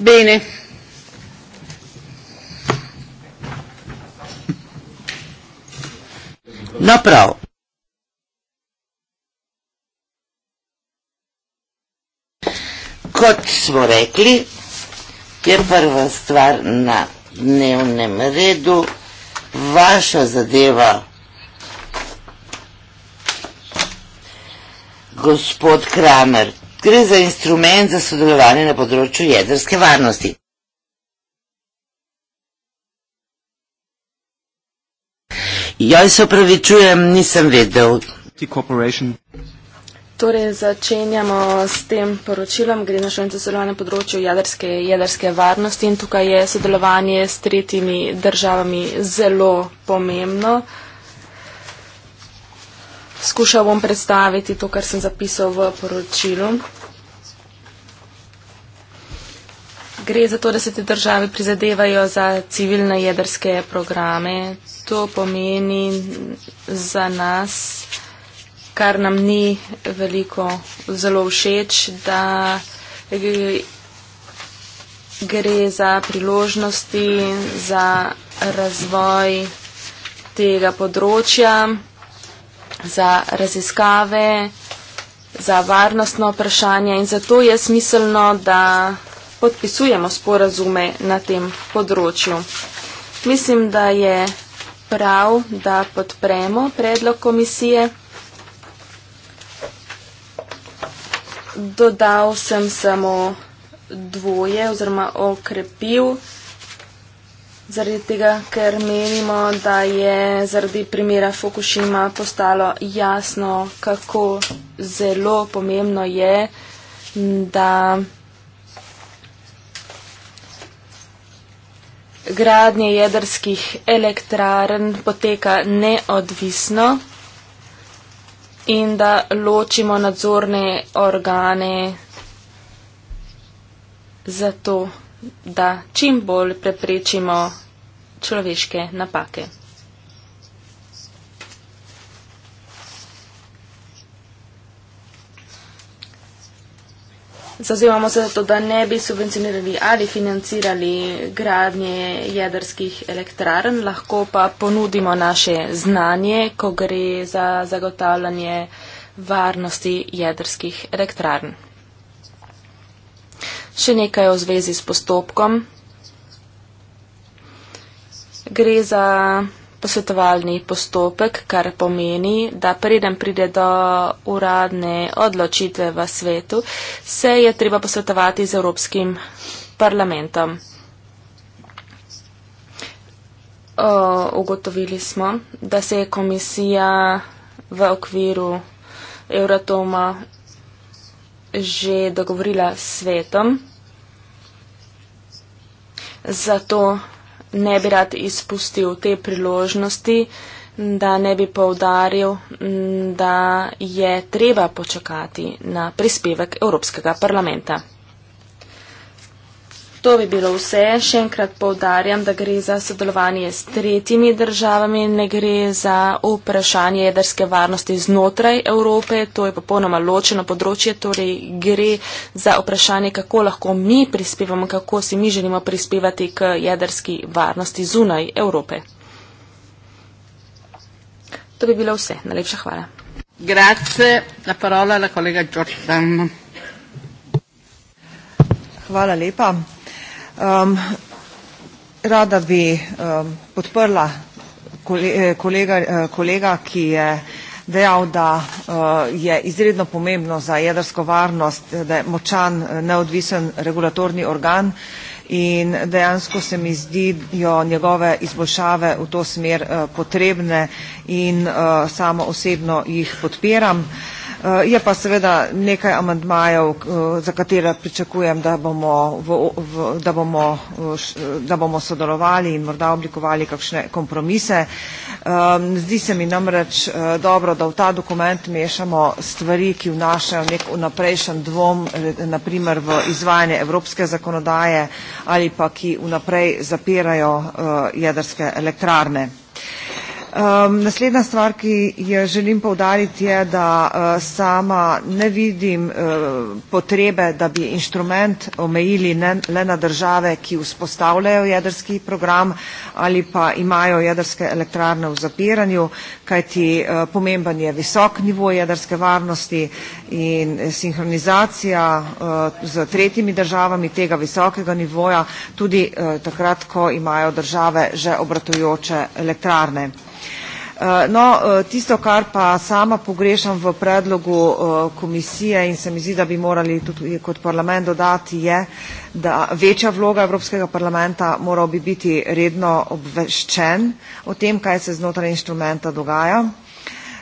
Bene. No, prav. Kot smo rekli, je prva stvar na dnevnem redu vaša zadeva, gospod Kramer, gre za instrument za sodelovanje na področju jedrske varnosti. Joj se opravičujem, nisem vedel. Torej začenjamo s tem poročilom, gre na šolnice sodelovanja na področju jedrske, jedrske varnosti in tukaj je sodelovanje s tretjimi državami zelo pomembno. Uh, skušal bom predstaviti to, kar sem zapisal v poročilu. Gre za to, da se te države prizadevajo za civilne jedrske programe. To pomeni za nas, kar nam ni veliko zelo všeč, da gre za priložnosti za razvoj tega področja za raziskave, za varnostno vprašanje in zato je smiselno, da podpisujemo sporazume na tem področju. Mislim, da je prav, da podpremo predlog komisije. Dodal sem samo dvoje oziroma okrepil zaradi tega, ker menimo, da je zaradi primera Fukushima postalo jasno, kako zelo pomembno je, da gradnje jedrskih elektrarn poteka neodvisno in da ločimo nadzorne organe za to da čim bolj preprečimo človeške napake. Zazivamo se za to, da ne bi subvencionirali ali financirali gradnje jedrskih elektrarn, lahko pa ponudimo naše znanje, ko gre za zagotavljanje varnosti jedrskih elektrarn. Še nekaj o zvezi s postopkom. Gre za posvetovalni postopek, kar pomeni, da preden pride do uradne odločitve v svetu, se je treba posvetovati z Evropskim parlamentom. O, ugotovili smo, da se je komisija v okviru Euratoma že dogovorila s svetom. Zato ne bi rad izpustil te priložnosti, da ne bi povdaril, da je treba počakati na prispevek Evropskega parlamenta. To bi bilo vse. Še enkrat povdarjam, da gre za sodelovanje s tretjimi državami, ne gre za vprašanje jedrske varnosti znotraj Evrope. To je popolnoma ločeno področje, torej gre za vprašanje, kako lahko mi prispevamo, kako si mi želimo prispevati k jedrski varnosti zunaj Evrope. To bi bilo vse. Najlepša hvala. Grazie. La parola la collega Giordano. Hvala lepa. Ehm, rada bi ehm, podprla eh, kolega, eh, kolega, ki je dejal, da eh, je izredno pomembno za jedrsko varnost, da je močan neodvisen regulatorni organ in dejansko se mi zdijo njegove izboljšave v to smer potrebne in samo osebno jih podpiram. Eh, je pa seveda nekaj amandmajev, eh, za katera pričakujem, da bomo, v, v, da bomo, eh, da bomo sodelovali in morda oblikovali kakšne kompromise. Zdi se mi namreč dobro, da v ta dokument mešamo stvari, ki vnašajo nek vnaprejšen dvom, naprimer v izvajanje evropske zakonodaje ali pa ki vnaprej zapirajo jedrske elektrarne. Um, naslednja stvar, ki jo želim povdariti, je, da uh, sama ne vidim uh, potrebe, da bi inštrument omejili ne, le na države, ki vzpostavljajo jedrski program ali pa imajo jedrske elektrarne v zapiranju, kajti uh, pomemben je visok nivo jedrske varnosti, uh, in eh, sinhronizacija eh, z tretjimi državami tega visokega nivoja tudi eh, takrat, ko imajo države že obratujoče elektrarne. No, tisto, kar pa sama pogrešam v predlogu komisije in se mi zdi, da bi morali tudi kot parlament dodati, je, da večja vloga Evropskega parlamenta moral bi biti redno obveščen o tem, kaj se znotraj inštrumenta dogaja.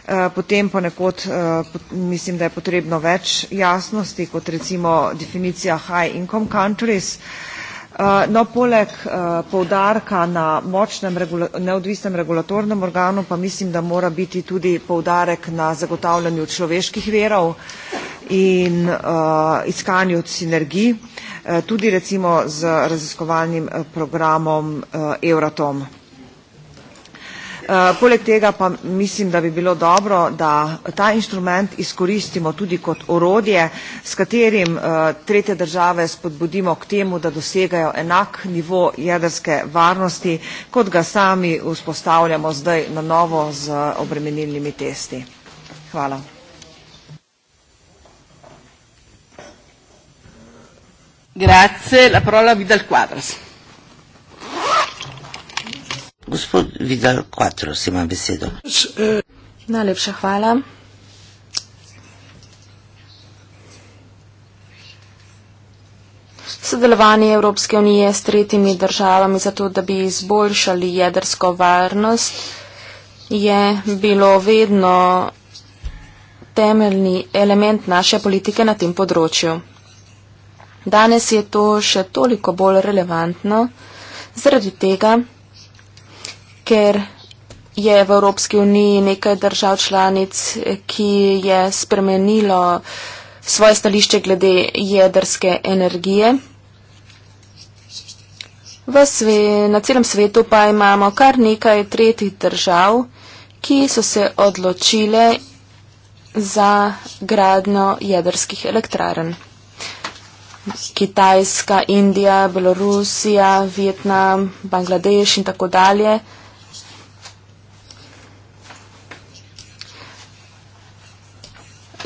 Eh, potem ponekod eh, mislim, da je potrebno več jasnosti, kot recimo definicija high income countries. Eh, no, poleg poudarka na močnem neodvisnem regulatornem organu pa mislim, da mora biti tudi poudarek na zagotavljanju človeških verov in iskanju sinergij, tudi recimo z raziskovalnim programom Euratom. Eh, poleg tega pa mislim, da bi bilo dobro, da ta inštrument izkoristimo tudi kot orodje, s katerim eh, tretje države spodbudimo k temu, da dosegajo enak nivo jedrske varnosti, kot ga sami vzpostavljamo zdaj na novo z obremenilnimi testi. Hvala. Grazie, la parola a Vidal Quadras. Gospod Vidal Quatros ima besedo. Najlepša hvala. Sodelovanje Evropske unije s tretjimi državami zato, da bi izboljšali jedrsko varnost, je bilo vedno temeljni element naše politike na tem področju. Danes je to še toliko bolj relevantno zaradi tega, ker je v Evropski uniji nekaj držav članic, ki je spremenilo svoje stališče glede jedrske energije. V sve, na celem svetu pa imamo kar nekaj tretjih držav, ki so se odločile za gradno jedrskih elektrarn. Kitajska, Indija, Belorusija, Vietnam, Bangladeš in tako dalje.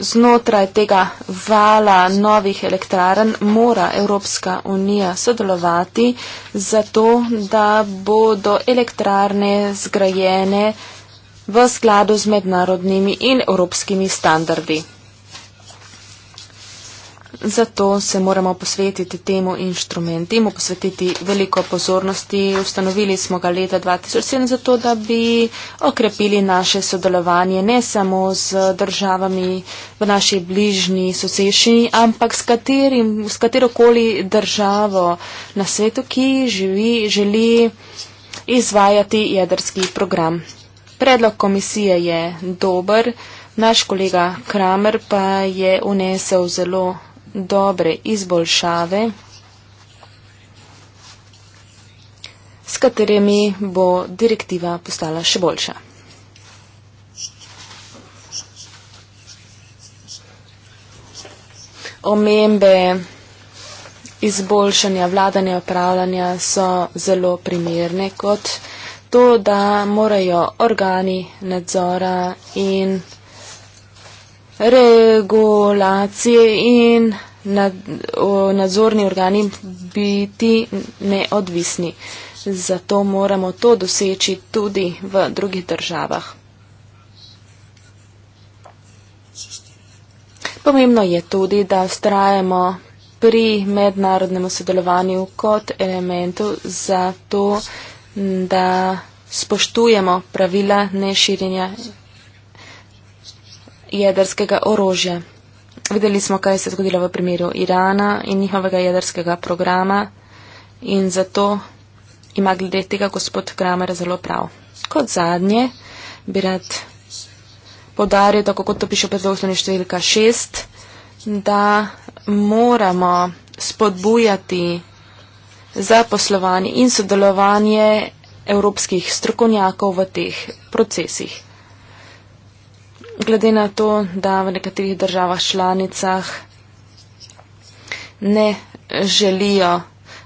znotraj tega vala novih elektrarn mora Evropska unija sodelovati zato, da bodo elektrarne zgrajene v skladu z mednarodnimi in evropskimi standardi. Zato se moramo posvetiti temu inštrumentu, mu posvetiti veliko pozornosti. Ustanovili smo ga leta 2007 zato, da bi okrepili naše sodelovanje ne samo z državami v naši bližnji sosešnji, ampak s, katerim, s katerokoli državo na svetu, ki živi, želi izvajati jedrski program. Predlog komisije je dober, naš kolega Kramer pa je unesel zelo dobre izboljšave, s katerimi bo direktiva postala še boljša. Omembe izboljšanja vladanja upravljanja so zelo primerne kot to, da morajo organi nadzora in regulacije in nadzorni organi biti neodvisni. Zato moramo to doseči tudi v drugih državah. Pomembno je tudi, da vztrajamo pri mednarodnem sodelovanju kot elementu za to, da spoštujemo pravila neširjenja jedrskega orožja. Videli smo, kaj se je zgodilo v primeru Irana in njihovega jedrskega programa in zato ima glede tega gospod Kramer zelo prav. Kot zadnje bi rad podaril, tako kot to piše v predlogu številka 6, da moramo spodbujati zaposlovanje in sodelovanje evropskih strokovnjakov v teh procesih glede na to, da v nekaterih državah članicah ne želijo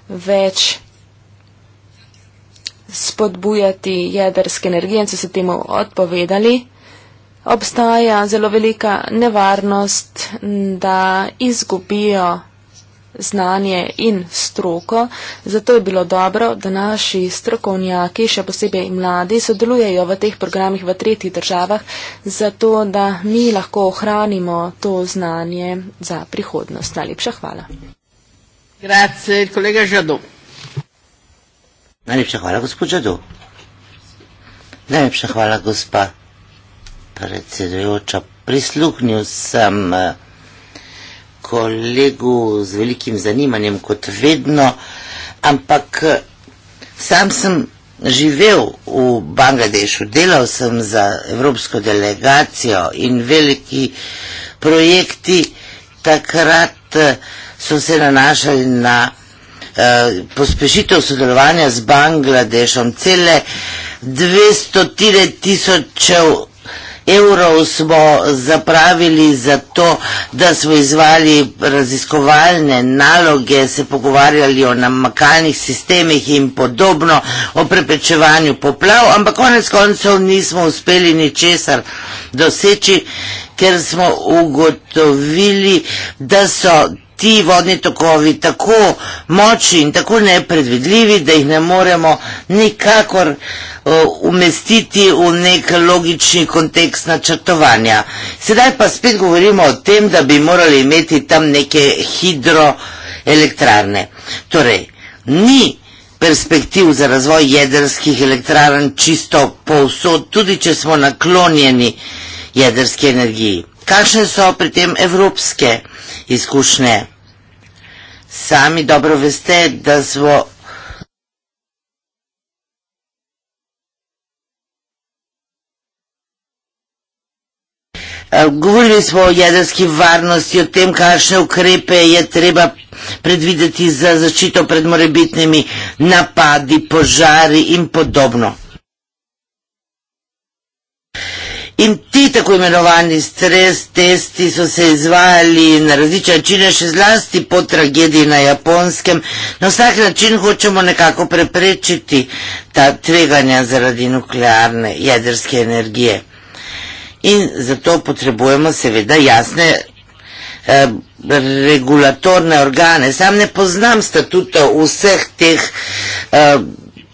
več spodbujati jedrske energije in so se temu odpovedali, obstaja zelo velika nevarnost, da izgubijo znanje in stroko, zato je bilo dobro, da naši strokovnjaki, še posebej mladi, sodelujejo v teh programih v tretjih državah, zato da mi lahko ohranimo to znanje za prihodnost. Najlepša hvala. Grazie, kolega Žadu. Najlepša hvala, gospod Žadu. Najlepša hvala, gospa predsedujoča. Prisluhnil sem uh, kolegu z velikim zanimanjem kot vedno, ampak sam sem živel v Bangladešu, delal sem za evropsko delegacijo in veliki projekti takrat eh, so se nanašali na eh, pospešitev sodelovanja z Bangladešom. Cele 200 tisočev evrov smo zapravili za to, da smo izvali raziskovalne naloge, se pogovarjali o namakalnih sistemih in podobno, o preprečevanju poplav, ampak konec koncev nismo uspeli ničesar doseči, ker smo ugotovili, da so ti vodni tokovi tako močni in tako nepredvidljivi, da jih ne moremo nikakor eh, umestiti v nek logični kontekst načrtovanja. Sedaj pa spet govorimo o tem, da bi morali imeti tam neke hidroelektrarne. Torej, ni perspektiv za razvoj jedrskih elektrarn čisto povsod, tudi če smo naklonjeni jedrski energiji. Kakšne so pri tem evropske izkušnje? Sami dobro veste, da smo eh, Govorili smo o jedrski varnosti, o tem, kakšne ukrepe je treba predvideti za zaščito pred morebitnimi napadi, požari in podobno. In ti tako imenovani stres testi so se izvajali na različne načine, še zlasti po tragediji na japonskem. Na vsak način hočemo nekako preprečiti ta tveganja zaradi nuklearne jedrske energije. In zato potrebujemo seveda jasne eh, regulatorne organe. Sam ne poznam statuta vseh teh eh,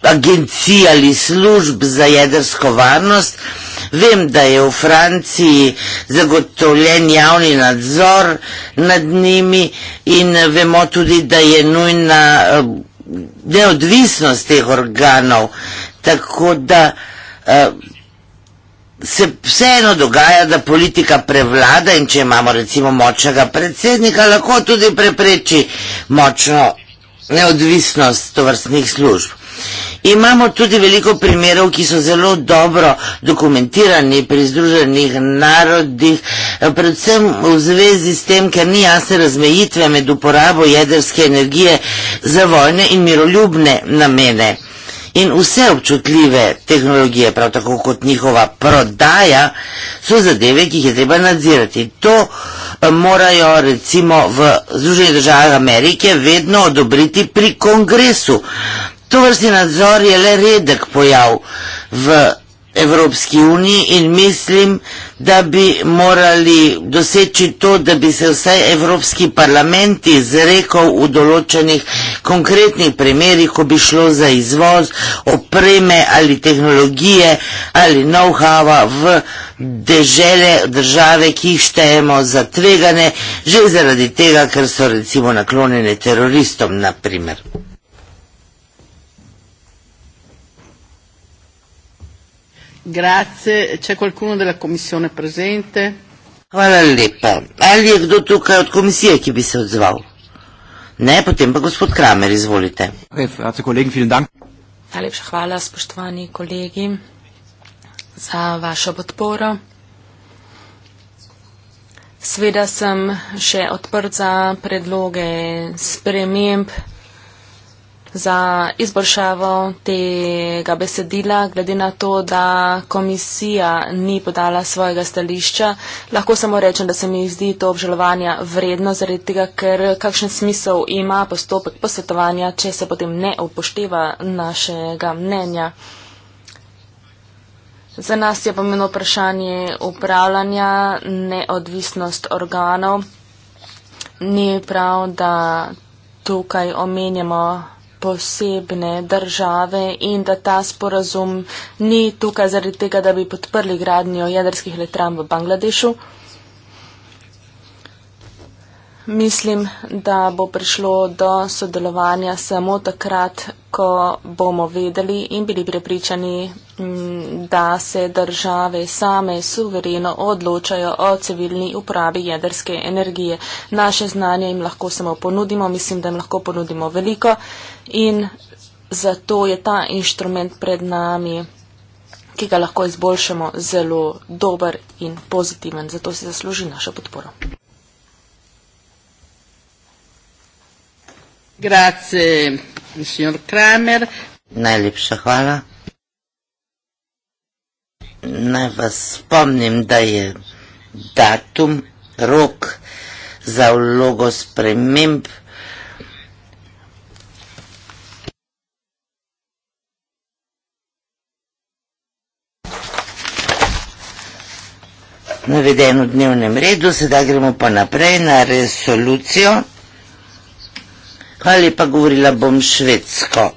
agencij ali služb za jedrsko varnost, eh, Vem, da je v Franciji zagotovljen javni nadzor nad njimi in vemo tudi, da je nujna eh, neodvisnost teh organov. Tako da eh, se vseeno dogaja, da politika prevlada in če imamo recimo močnega predsednika, lahko tudi prepreči močno neodvisnost tovrstnih služb. Imamo tudi veliko primerov, ki so zelo dobro dokumentirani pri združenih narodih, predvsem v zvezi s tem, ker ni jasne razmejitve med uporabo jedrske energije za vojne in miroljubne namene. In vse občutljive tehnologije, prav tako kot njihova prodaja, so zadeve, ki jih je treba nadzirati. To eh, morajo recimo v Združenih državah Amerike vedno odobriti pri kongresu. To vrsti nadzor je le redek pojav v Evropski uniji in mislim, da bi morali doseči to, da bi se vsaj Evropski parlament izrekel v določenih konkretnih primerih, ko bi šlo za izvoz opreme ali tehnologije ali know-how v dežele države, ki jih štejemo za tvegane, že zaradi tega, ker so recimo naklonjene teroristom. Naprimer. Grazie. C'è qualcuno della Commissione presente? Hvala lepa. Ali je kdo tukaj od komisije, ki bi se odzval? Ne, potem pa gospod Kramer, izvolite. Najlepša hvala, spoštovani kolegi, za vašo podporo. Sveda sem še odprt za predloge sprememb za izboljšavo tega besedila, glede na to, da komisija ni podala svojega stališča. Lahko samo rečem, da se mi zdi to obžalovanja vredno, zaradi tega, ker kakšen smisel ima postopek posvetovanja, če se potem ne upošteva našega mnenja. Za nas je pomeno vprašanje upravljanja, neodvisnost organov. Ni prav, da tukaj omenjamo posebne države in da ta sporazum ni tukaj zaradi tega, da bi podprli gradnjo jedrskih letran v Bangladešu mislim, da bo prišlo do sodelovanja samo takrat, ko bomo vedeli in bili prepričani, mm, da se države same suvereno odločajo o civilni upravi jedrske energije. Naše znanje jim lahko samo ponudimo, mislim, da jim lahko ponudimo veliko in zato je ta inštrument pred nami ki ga lahko izboljšamo, zelo dober in pozitiven. Zato si zasluži našo podporo. Grazie, signor Kramer. Najlepša hvala. Naj vas spomnim, da je datum, rok za vlogo sprememb navedeno v dnevnem redu, sedaj gremo pa naprej na resolucijo ali pa govorila bom švedsko.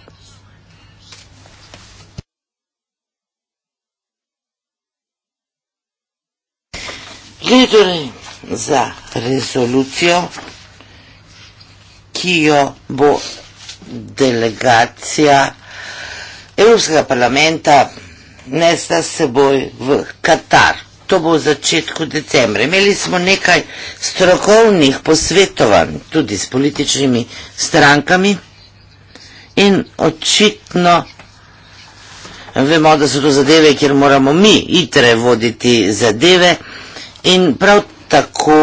Gre torej za rezolucijo, ki jo bo delegacija Evropskega parlamenta nesla seboj v Katar to bo v začetku decembra. Imeli smo nekaj strokovnih posvetovanj tudi s političnimi strankami in očitno vemo, da so to zadeve, kjer moramo mi itre voditi zadeve in prav tako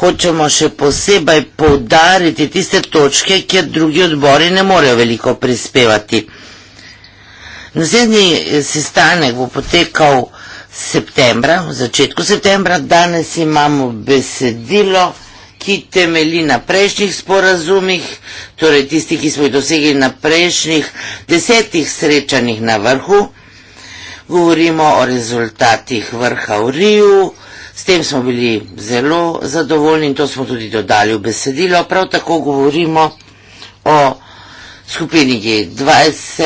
hočemo še posebej poudariti tiste točke, kjer drugi odbori ne morejo veliko prispevati. Naslednji sestanek bo potekal v septembra, v začetku septembra, danes imamo besedilo, ki temeli na prejšnjih sporazumih, torej tisti, ki smo jih dosegli na prejšnjih desetih srečanjih na vrhu. Govorimo o rezultatih vrha v Riju, s tem smo bili zelo zadovoljni in to smo tudi dodali v besedilo. Prav tako govorimo o skupini G20,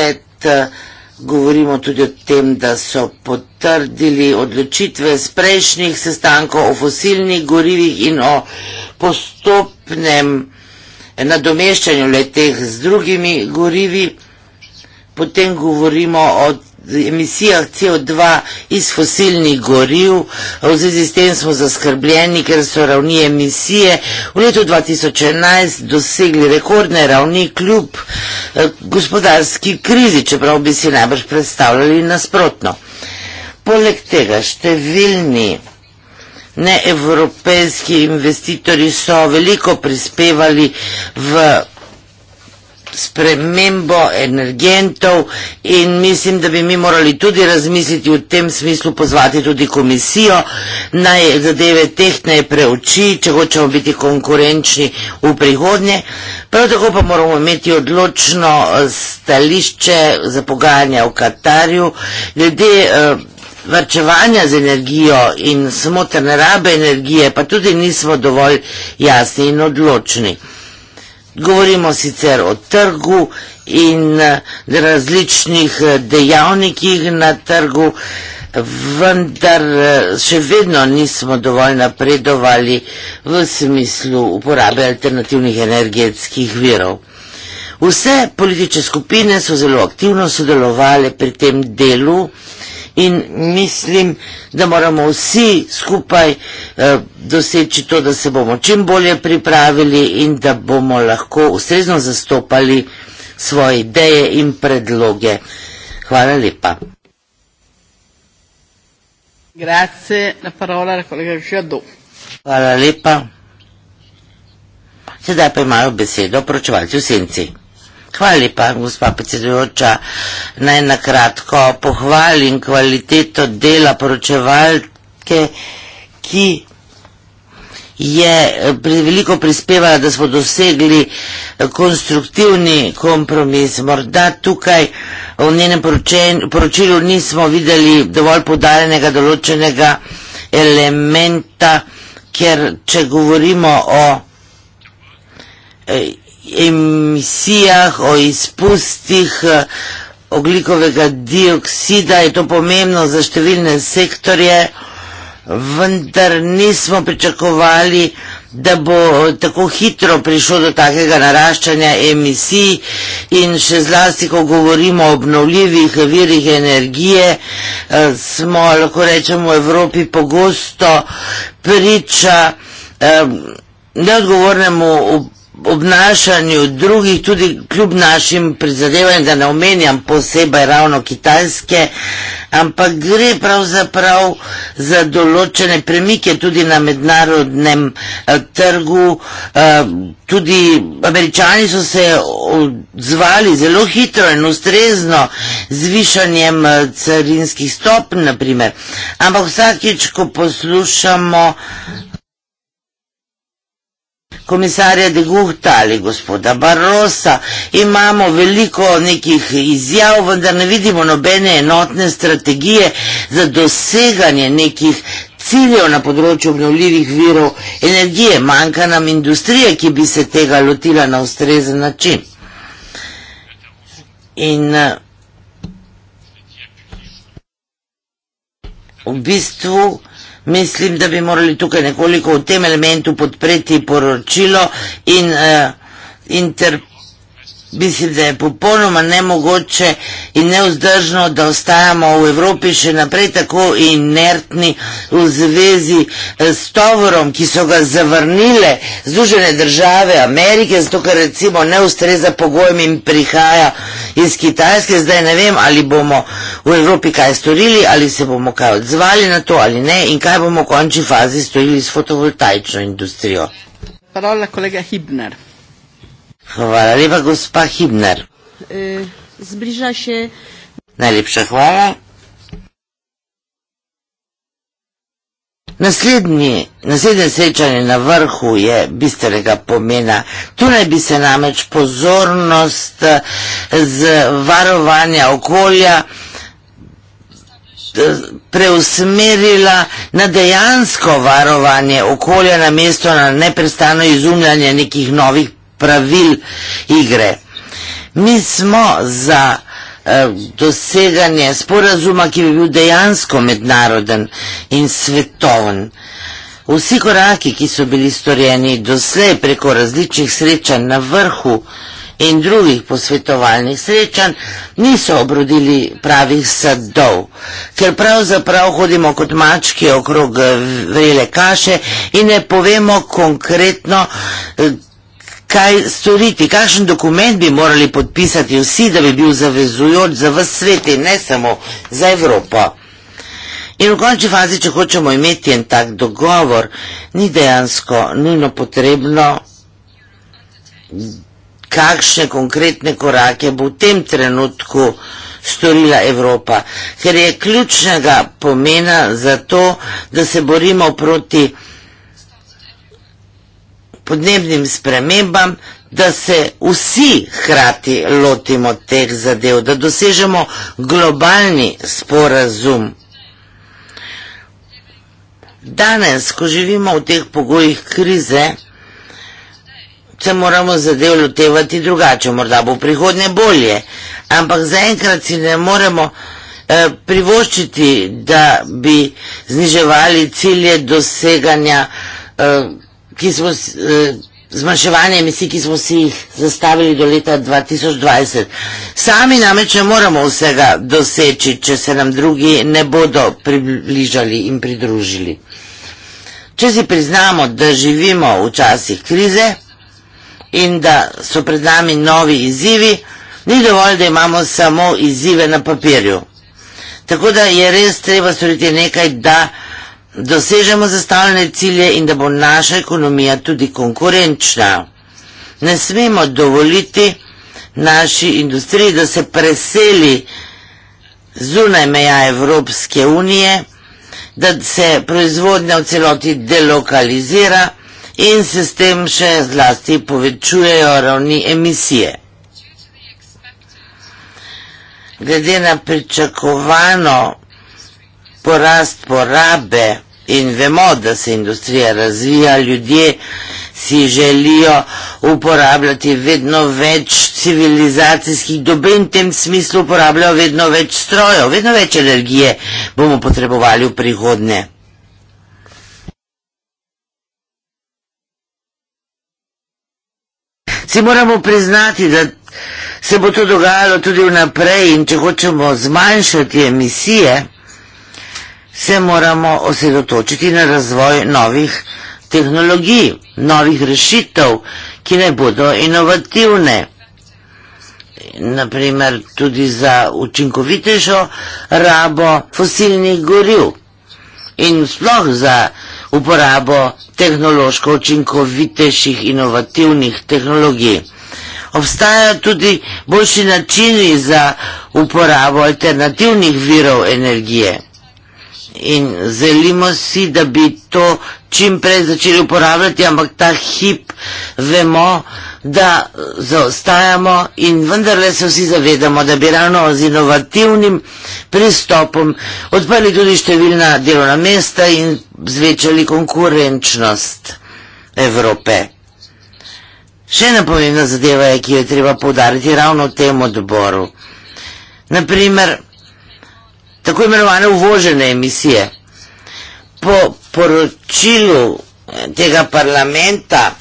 govorimo tudi o tem, da so potrdili odločitve z prejšnjih sestankov o fosilnih gorivih in o postopnem nadomeščanju leteh z drugimi gorivi. Potem govorimo o emisijah CO2 iz fosilnih goriv. V zvezi s tem smo zaskrbljeni, ker so ravni emisije v letu 2011 dosegli rekordne ravni kljub eh, gospodarski krizi, čeprav bi si najbrž predstavljali nasprotno. Poleg tega številni neevropejski investitorji so veliko prispevali v spremembo energentov in mislim, da bi mi morali tudi razmisliti v tem smislu, pozvati tudi komisijo, naj zadeve teh ne preuči, če hočemo biti konkurenčni v prihodnje. Prav tako pa moramo imeti odločno eh, stališče za pogajanja v Katarju, glede eh, vrčevanja z energijo in smotrne rabe energije, pa tudi nismo dovolj jasni in odločni. Govorimo sicer o trgu in eh, različnih eh, dejavnikih na trgu, vendar eh, še vedno nismo dovolj napredovali v smislu uporabe alternativnih energetskih virov. Vse politične skupine so zelo aktivno sodelovali pri tem delu, in mislim, da moramo vsi skupaj eh, doseči to, da se bomo čim bolje pripravili in da bomo lahko ustrezno zastopali svoje ideje in predloge. Hvala lepa. Grazie, la parola alla collega Giadò. Hvala lepa. Sedaj pa imajo besedo proučevalci v senci. Hvala lepa, gospa predsedujoča. Naj na kratko pohvalim kvaliteto dela poročevalke, ki je veliko prispevala, da smo dosegli konstruktivni kompromis. Morda tukaj v njenem poročilu nismo videli dovolj podarjenega določenega elementa, ker če govorimo o emisijah, o izpustih eh, oglikovega dioksida je to pomembno za številne sektorje, vendar nismo pričakovali, da bo tako hitro prišlo do takega naraščanja emisij in še zlasti, ko govorimo o obnovljivih virih energije, eh, smo, lahko rečemo, v Evropi pogosto priča eh, neodgovornemu obnašanju drugih, tudi kljub našim prizadevanjem, da ne omenjam posebej ravno kitajske, ampak gre pravzaprav za določene premike tudi na mednarodnem eh, trgu. Eh, tudi američani so se odzvali zelo hitro in ustrezno z višanjem eh, carinskih stopenj, naprimer. Ampak vsakeč, ko poslušamo uh, komisarja De Guhta ali gospoda Barrosa, imamo veliko nekih izjav, vendar ne vidimo nobene enotne strategije za doseganje nekih ciljev na področju obnovljivih virov energije. Manjka nam industrija, ki bi se tega lotila na ustrezen način. In eh, v bistvu mislim, da bi morali tukaj nekoliko v tem elementu podpreti poročilo in uh, eh, interpretirati mislim da je popolnoma nemogoče in neuzdržno, da ostajamo v Evropi še naprej tako inertni v zvezi eh, s tovorom, ki so ga zavrnile Združene države Amerike, zato ker recimo ne ustreza pogojem in prihaja iz Kitajske. Zdaj ne vem, ali bomo v Evropi kaj storili, ali se bomo kaj odzvali na to ali ne in kaj bomo v končni fazi storili s fotovoltaično industrijo. Parola kolega Hibner. Hvala lepa, gospa Hibner. E, zbliža se. Najlepša hvala. Naslednje, naslednje srečanje na vrhu je bistvenega pomena. Tu naj bi se namreč pozornost e, z varovanja okolja e, preusmerila na dejansko varovanje okolja na mesto na neprestano izumljanje nekih novih pravil igre. Mi smo za eh, doseganje sporazuma, ki bi bil dejansko mednaroden in svetovn. Vsi koraki, ki so bili storjeni doslej preko različnih srečanj na vrhu in drugih posvetovalnih srečanj, niso obrodili pravih sadov, ker pravzaprav hodimo kot mački okrog vrele kaše in ne povemo konkretno, eh, kaj storiti, kakšen dokument bi morali podpisati vsi, da bi bil zavezujoč za vse svet in ne samo za Evropo. In v končni fazi, če hočemo imeti en tak dogovor, ni dejansko nujno potrebno, kakšne konkretne korake bo v tem trenutku storila Evropa, ker je ključnega pomena za to, da se borimo proti Evropi, podnebnim spremembam, da se vsi hkrati lotimo teh zadev, da dosežemo globalni sporazum. Danes, ko živimo v teh pogojih krize, se moramo zadev lotevati drugače, morda bo prihodnje bolje, ampak zaenkrat si ne moremo eh, privoščiti, da bi zniževali cilje doseganja eh, ki smo, eh, zmanjševanje emisij, ki smo si jih zastavili do leta 2020. Sami namreč ne moramo vsega doseči, če se nam drugi ne bodo približali in pridružili. Če si priznamo, da živimo v časih krize in da so pred nami novi izzivi, ni dovolj, da imamo samo izzive na papirju. Tako da je res treba storiti nekaj, da dosežemo zastavljene cilje in da bo naša ekonomija tudi konkurenčna. Ne smemo dovoliti naši industriji, da se preseli zunaj meja Evropske unije, da se proizvodnja v celoti delokalizira in se s tem še zlasti povečujejo ravni emisije. Glede na pričakovano porast porabe, In vemo, da se industrija razvija, ljudje si želijo uporabljati vedno več civilizacijskih dobrin, v tem smislu uporabljajo vedno več strojev, vedno več energije bomo potrebovali v prihodnje. Si moramo priznati, da se bo to dogajalo tudi vnaprej in če hočemo zmanjšati emisije, se moramo osredotočiti na razvoj novih tehnologij, novih rešitev, ki ne bodo inovativne. Naprimer, tudi za učinkovitejšo rabo fosilnih goriv in sploh za uporabo tehnološko učinkovitejših inovativnih tehnologij. Obstajajo tudi boljši načini za uporabo alternativnih virov energije in želimo si, da bi to čim prej začeli uporabljati, ampak ta hip vemo, da zaostajamo in vendarle se vsi zavedamo, da bi ravno z inovativnim pristopom odprli tudi številna delovna mesta in zvečali konkurenčnost Evrope. Še ena pomembna zadeva je, ki jo je treba povdariti ravno v tem odboru. Naprimer, tako imenovane uvožene emisije. Po poročilu eh, tega parlamenta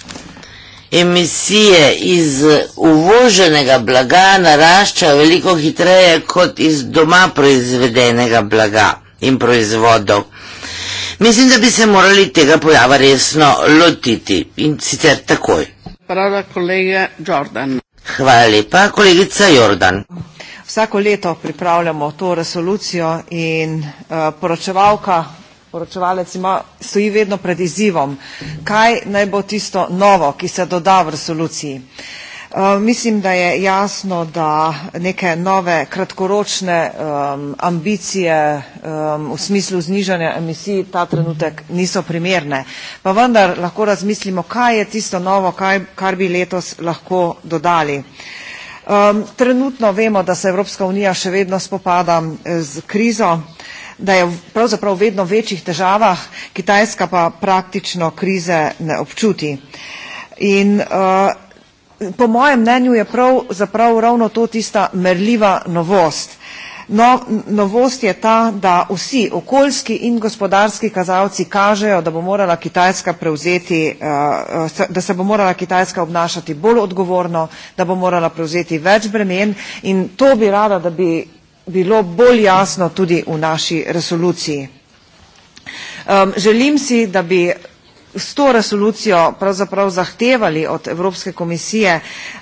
emisije iz uvoženega blaga naraščajo veliko hitreje kot iz doma proizvedenega blaga in proizvodov. Mislim, da bi se morali tega pojava resno lotiti in sicer takoj. Hvala, kolega Jordan. Hvala lepa, kolegica Jordan. Vsako leto pripravljamo to resolucijo in eh, poročevalka, poročevalec ima, stoji vedno pred izzivom, kaj naj bo tisto novo, ki se doda v resoluciji. Eh, mislim, da je jasno, da neke nove kratkoročne um, ambicije um, v smislu znižanja emisij ta trenutek niso primerne. Pa vendar lahko razmislimo, kaj je tisto novo, kaj, kar bi letos lahko dodali. Uh, Um, trenutno vemo, da se Evropska unija še vedno spopada eh, z krizo, da je pravzaprav vedno v večjih težavah, Kitajska pa praktično krize ne občuti. In uh, po mojem mnenju je prav, ravno to tista merljiva novost – No, novost je ta, da vsi okoljski in gospodarski kazalci kažejo, da, bo morala Kitajska prevzeti, eh, eh, da se bo morala Kitajska obnašati bolj odgovorno, da bo morala prevzeti več bremen in to bi rada, da bi bilo bolj jasno tudi v naši resoluciji. Um, želim si, da bi s to resolucijo pravzaprav zahtevali od Evropske komisije,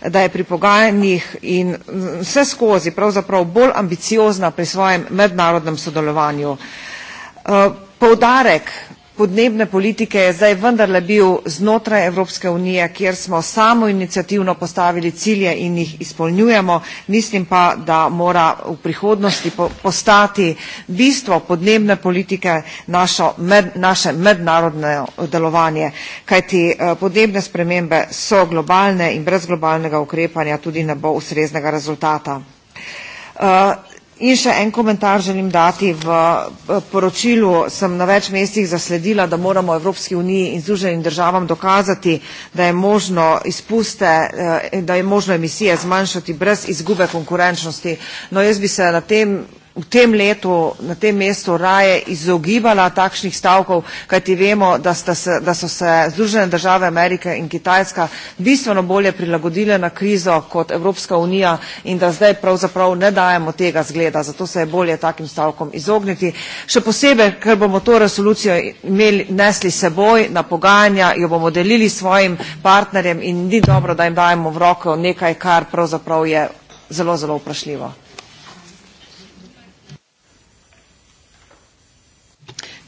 da je pri pogajanjih in vse skozi pravzaprav bolj ambiciozna pri svojem mednarodnem sodelovanju. Eh, poudarek podnebne politike je zdaj vendarle bil znotraj Evropske unije, kjer smo samo inicijativno postavili cilje in jih izpolnjujemo. Mislim pa, da mora v prihodnosti postati bistvo podnebne politike našo, med, naše mednarodno delovanje. Kajti eh, podnebne spremembe so globalne in brez globalnega ukrepanja tudi ne bo ustreznega rezultata. Eh, In še en komentar želim dati. V poročilu sem na več mestih zasledila, da moramo Evropski uniji in Združenim državam dokazati, da je možno izpuste, eh, da je možno emisije zmanjšati brez izgube konkurenčnosti. No, jaz bi se na tem v tem letu na tem mestu raje izogibala takšnih stavkov, kajti vemo, da, sta se, da so se Združene države Amerike in Kitajska bistveno bolje prilagodile na krizo kot Evropska unija in da zdaj pravzaprav ne dajemo tega zgleda, zato se je bolje takim stavkom izogniti. Še posebej, ker bomo to resolucijo imeli, nesli seboj na pogajanja, jo bomo delili s svojim partnerjem in ni dobro, da jim dajemo v roko nekaj, kar pravzaprav je zelo, zelo vprašljivo.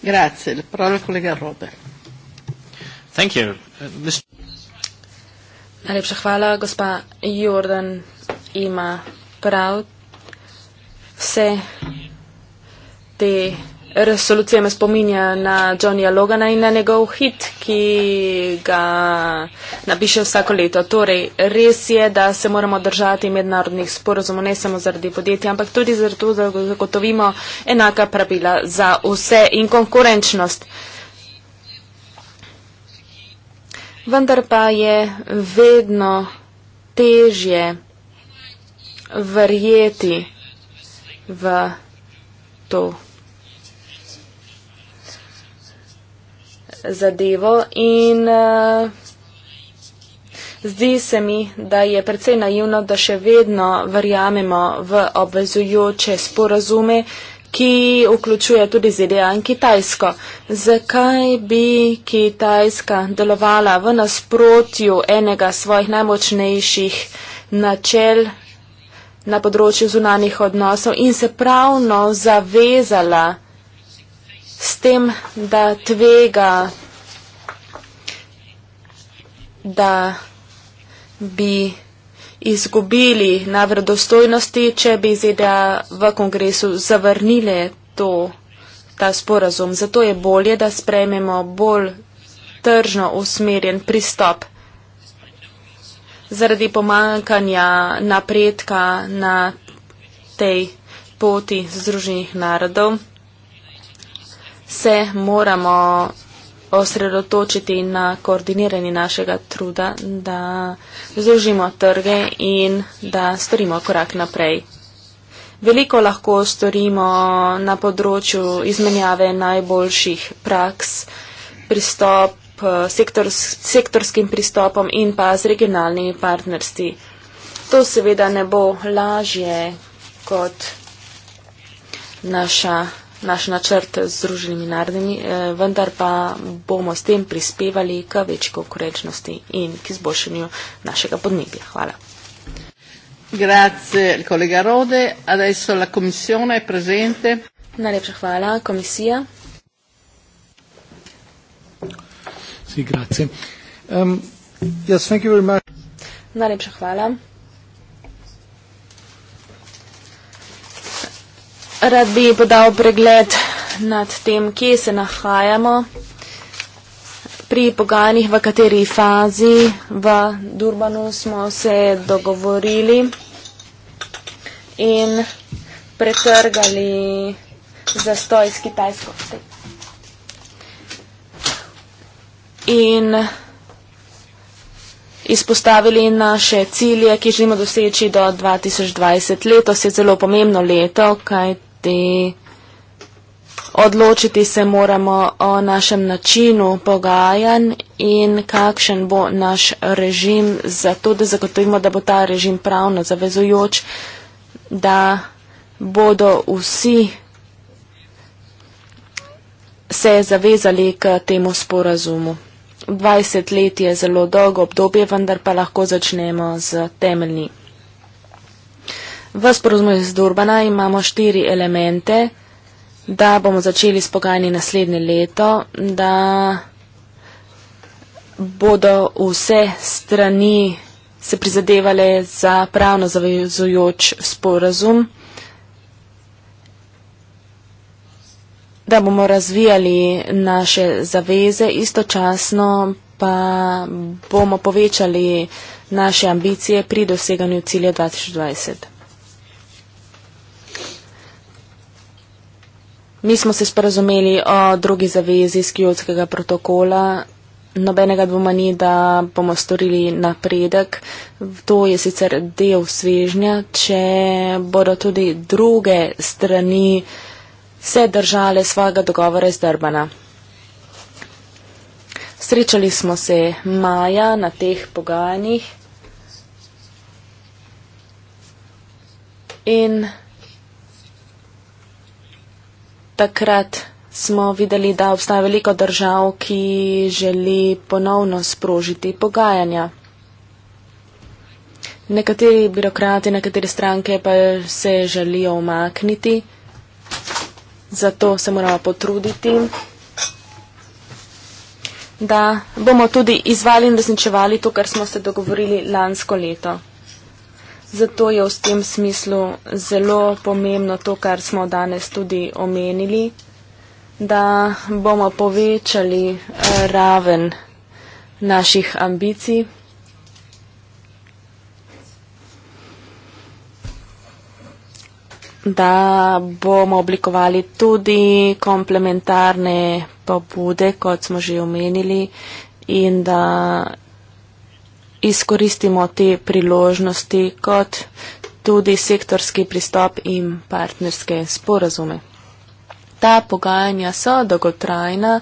Grazie, la parola al collega Robert. Thank you. Uh, Najlepša hvala, gospa Jordan ima prav vse te resolucija me spominja na Johnnyja Logana in na njegov hit, ki ga napiše vsako leto. Torej, res je, da se moramo držati mednarodnih sporozumov, ne samo zaradi podjetja, ampak tudi zato, da zagotovimo enaka pravila za vse in konkurenčnost. Vendar pa je vedno težje verjeti v to. zadevo in uh, zdi se mi, da je precej naivno, da še vedno verjamemo v obvezujoče sporazume, ki vključuje tudi ZDA in Kitajsko. Zakaj bi Kitajska delovala v nasprotju enega svojih najmočnejših načel na področju zunanih odnosov in se pravno zavezala s tem, da tvega, da bi izgubili na vredostojnosti, če bi ZDA v kongresu zavrnile to, ta sporazum. Zato je bolje, da sprejmemo bolj tržno usmerjen pristop. Zaradi pomankanja napredka na tej poti Združenih narodov se moramo osredotočiti na koordiniranje našega truda, da združimo trge in da storimo korak naprej. Veliko lahko storimo na področju izmenjave najboljših praks, pristop sektor, sektorskim pristopom in pa z regionalnimi partnersti. To seveda ne bo lažje kot naša naš načrt z Združenimi narodi, eh, vendar pa bomo s tem prispevali k večji konkurenčnosti in k izboljšanju našega podnebja. Hvala. Grazie, kolega Rode. Adesso la Commissione è presente. Najlepša hvala, Komisija. Sì, grazie. Um, yes, thank you very much. Najlepša hvala. rad bi podal pregled nad tem, kje se nahajamo pri pogajanjih, v kateri fazi v Durbanu smo se dogovorili in pretrgali zastoj s Kitajsko. In izpostavili naše cilje, ki želimo doseči do 2020. Leto se je zelo pomembno leto, kaj kajti odločiti se moramo o našem načinu pogajanj in kakšen bo naš režim, zato da zagotovimo, da bo ta režim pravno zavezujoč, da bodo vsi se zavezali k temu sporazumu. 20 let je zelo dolgo obdobje, vendar pa lahko začnemo z temeljnimi. V sporozumu iz Durbana imamo štiri elemente, da bomo začeli s pogajanji naslednje leto, da bodo vse strani se prizadevale za pravno zavezujoč sporozum, da bomo razvijali naše zaveze, istočasno pa bomo povečali naše ambicije pri doseganju cilja 2020. Mi smo se sporazumeli o drugi zavezi iz kjotskega protokola. Nobenega dvoma ni, da bomo storili napredek. To je sicer del svežnja, če bodo tudi druge strani se držale svojega dogovora iz Drbana. Srečali smo se maja na teh pogajanjih. In takrat smo videli, da obstaja veliko držav, ki želi ponovno sprožiti pogajanja. Nekateri birokrati, nekatere stranke pa se želijo omakniti, zato se moramo potruditi, da bomo tudi izvali in resničevali to, kar smo se dogovorili lansko leto. Zato je v tem smislu zelo pomembno to, kar smo danes tudi omenili, da bomo povečali eh, raven naših ambicij. da bomo oblikovali tudi komplementarne pobude, kot smo že omenili, in da izkoristimo te priložnosti kot tudi sektorski pristop in partnerske sporazume. Ta pogajanja so dolgotrajna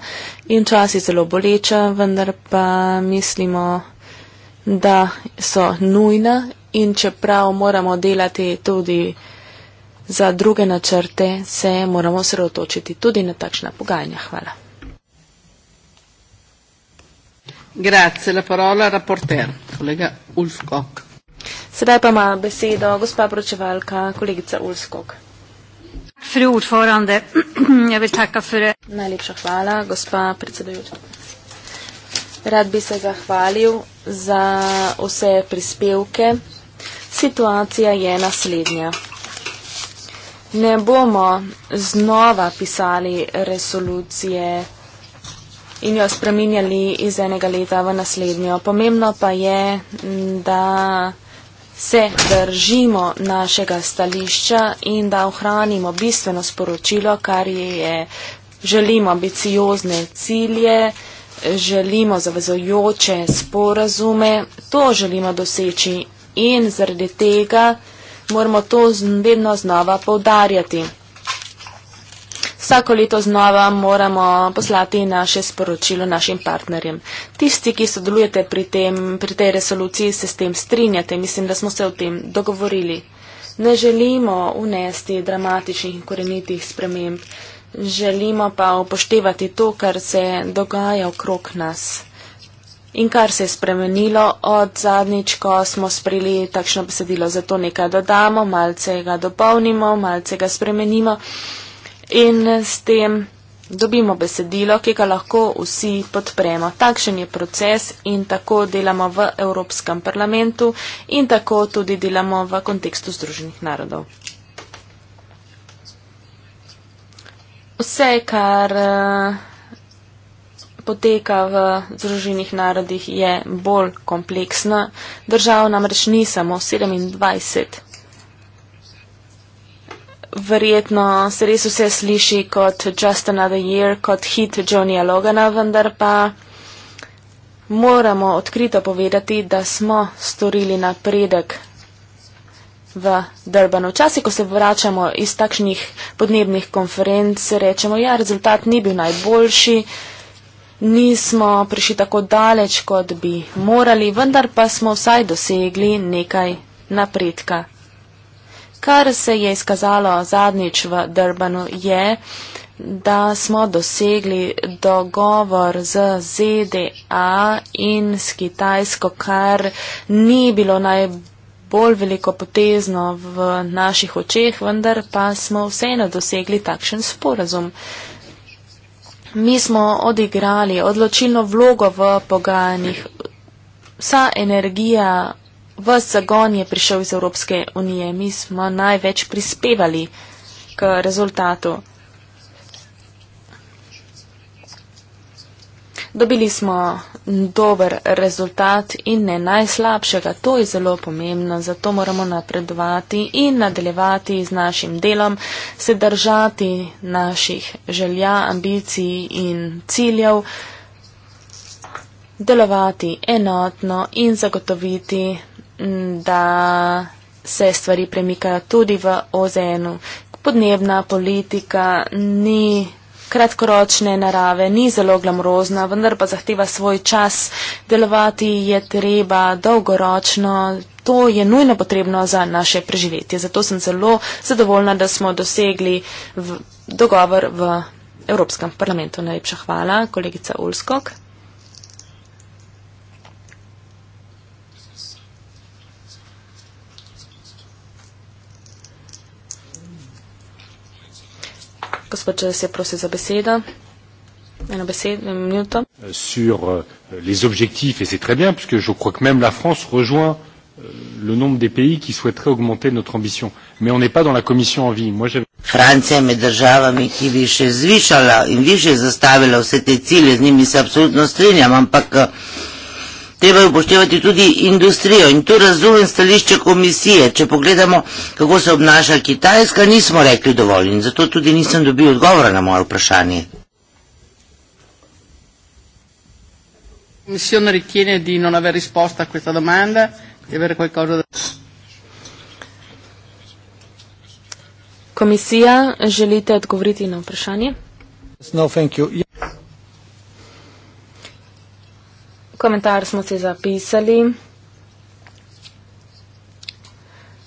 in časi zelo boleča, vendar pa mislimo, da so nujna in čeprav moramo delati tudi za druge načrte, se moramo sredotočiti tudi na takšna pogajanja. Hvala. Grazie, la parola al rapporter, collega Ulfkok. Sedaj pa ima besedo gospa Pročevalka, kolegica Ulfkok. Najlepša hvala, gospa predsedujoča. Rad bi se zahvalil za vse prispevke. Situacija je naslednja. Ne bomo znova pisali resolucije in jo spreminjali iz enega leta v naslednjo. Pomembno pa je, da se držimo našega stališča in da ohranimo bistveno sporočilo, kar je želimo ambiciozne cilje, želimo zavezojoče sporazume, to želimo doseči in zaradi tega moramo to vedno znova povdarjati vsako leto znova moramo poslati naše sporočilo našim partnerjem. Tisti, ki sodelujete pri, tem, pri tej resoluciji, se s tem strinjate. Mislim, da smo se o tem dogovorili. Ne želimo unesti dramatičnih in korenitih sprememb. Želimo pa upoštevati to, kar se dogaja okrog nas in kar se je spremenilo od zadnjič, ko smo sprejeli takšno besedilo. Zato nekaj dodamo, malce ga dopolnimo, malce ga spremenimo in s tem dobimo besedilo, ki ga lahko vsi podpremo. Takšen je proces in tako delamo v Evropskem parlamentu in tako tudi delamo v kontekstu Združenih narodov. Vse, kar eh, poteka v Združenih narodih, je bolj kompleksno. Država namreč ni samo 27 verjetno se res vse sliši kot Just Another Year, kot hit Johnnyja Logana, vendar pa moramo odkrito povedati, da smo storili napredek v Durbanu. Včasih, ko se vračamo iz takšnih podnebnih konferenc, rečemo, ja, rezultat ni bil najboljši, nismo prišli tako daleč, kot bi morali, vendar pa smo vsaj dosegli nekaj napredka. Kar se je izkazalo zadnjič v Durbanu je, da smo dosegli dogovor z ZDA in s Kitajsko, kar ni bilo najbolj veliko potezno v naših očeh, vendar pa smo vseeno dosegli takšen sporazum. Mi smo odigrali odločilno vlogo v pogajanjih. Vsa energija v zagon je prišel iz Evropske unije. Mi smo največ prispevali k rezultatu. Dobili smo dober rezultat in ne najslabšega. To je zelo pomembno, zato moramo napredovati in nadaljevati z našim delom, se držati naših želja, ambicij in ciljev, delovati enotno in zagotoviti da se stvari premikajo tudi v OZN-u. Podnebna politika ni kratkoročne narave, ni zelo glamrozna, vendar pa zahteva svoj čas. Delovati je treba dolgoročno. To je nujno potrebno za naše preživetje. Zato sem zelo zadovoljna, da smo dosegli v dogovor v Evropskem parlamentu. Najlepša hvala, kolegica Ulskog. gospa Čez je prosil za besedo. Eno besedo, eno minuto. Euh, sur euh, les objectifs, et c'est très bien, puisque je crois que même la France rejoint euh, le nombre des pays qui souhaiteraient augmenter notre ambition. Mais on n'est pas dans la commission en vie. Moi, Francija je med državami, ki bi še zvišala in više zastavila vse te cilje, z njimi se absolutno strinjam, ampak uh, treba upoštevati tudi industrijo in tu razumem stališče komisije. Če pogledamo, kako se obnaša Kitajska, nismo rekli dovolj in zato tudi nisem dobil odgovora na moje vprašanje. Komisija ritiene di non aver risposto a questa domanda, di avere qualcosa da Komisija, želite odgovoriti na vprašanje? No, thank you. komentar smo se zapisali.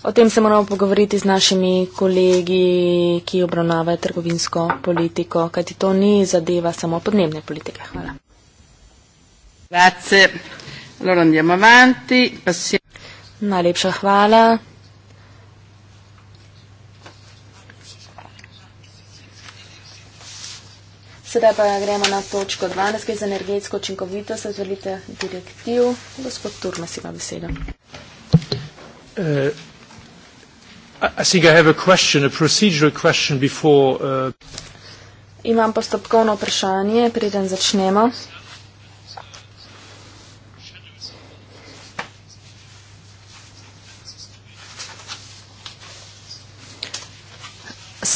O tem se moramo pogovoriti z našimi kolegi, ki obravnavajo trgovinsko politiko, kajti to ni zadeva samo podnebne politike. Hvala. Grazie. Allora andiamo avanti. Passi... Najlepša hvala. Sedaj pa gremo na točko 12, ki je za energetsko učinkovitost, razvelite direktiv. Gospod Turmes ima besedo. Uh, question, question before, uh... Imam postopkovno vprašanje, preden začnemo.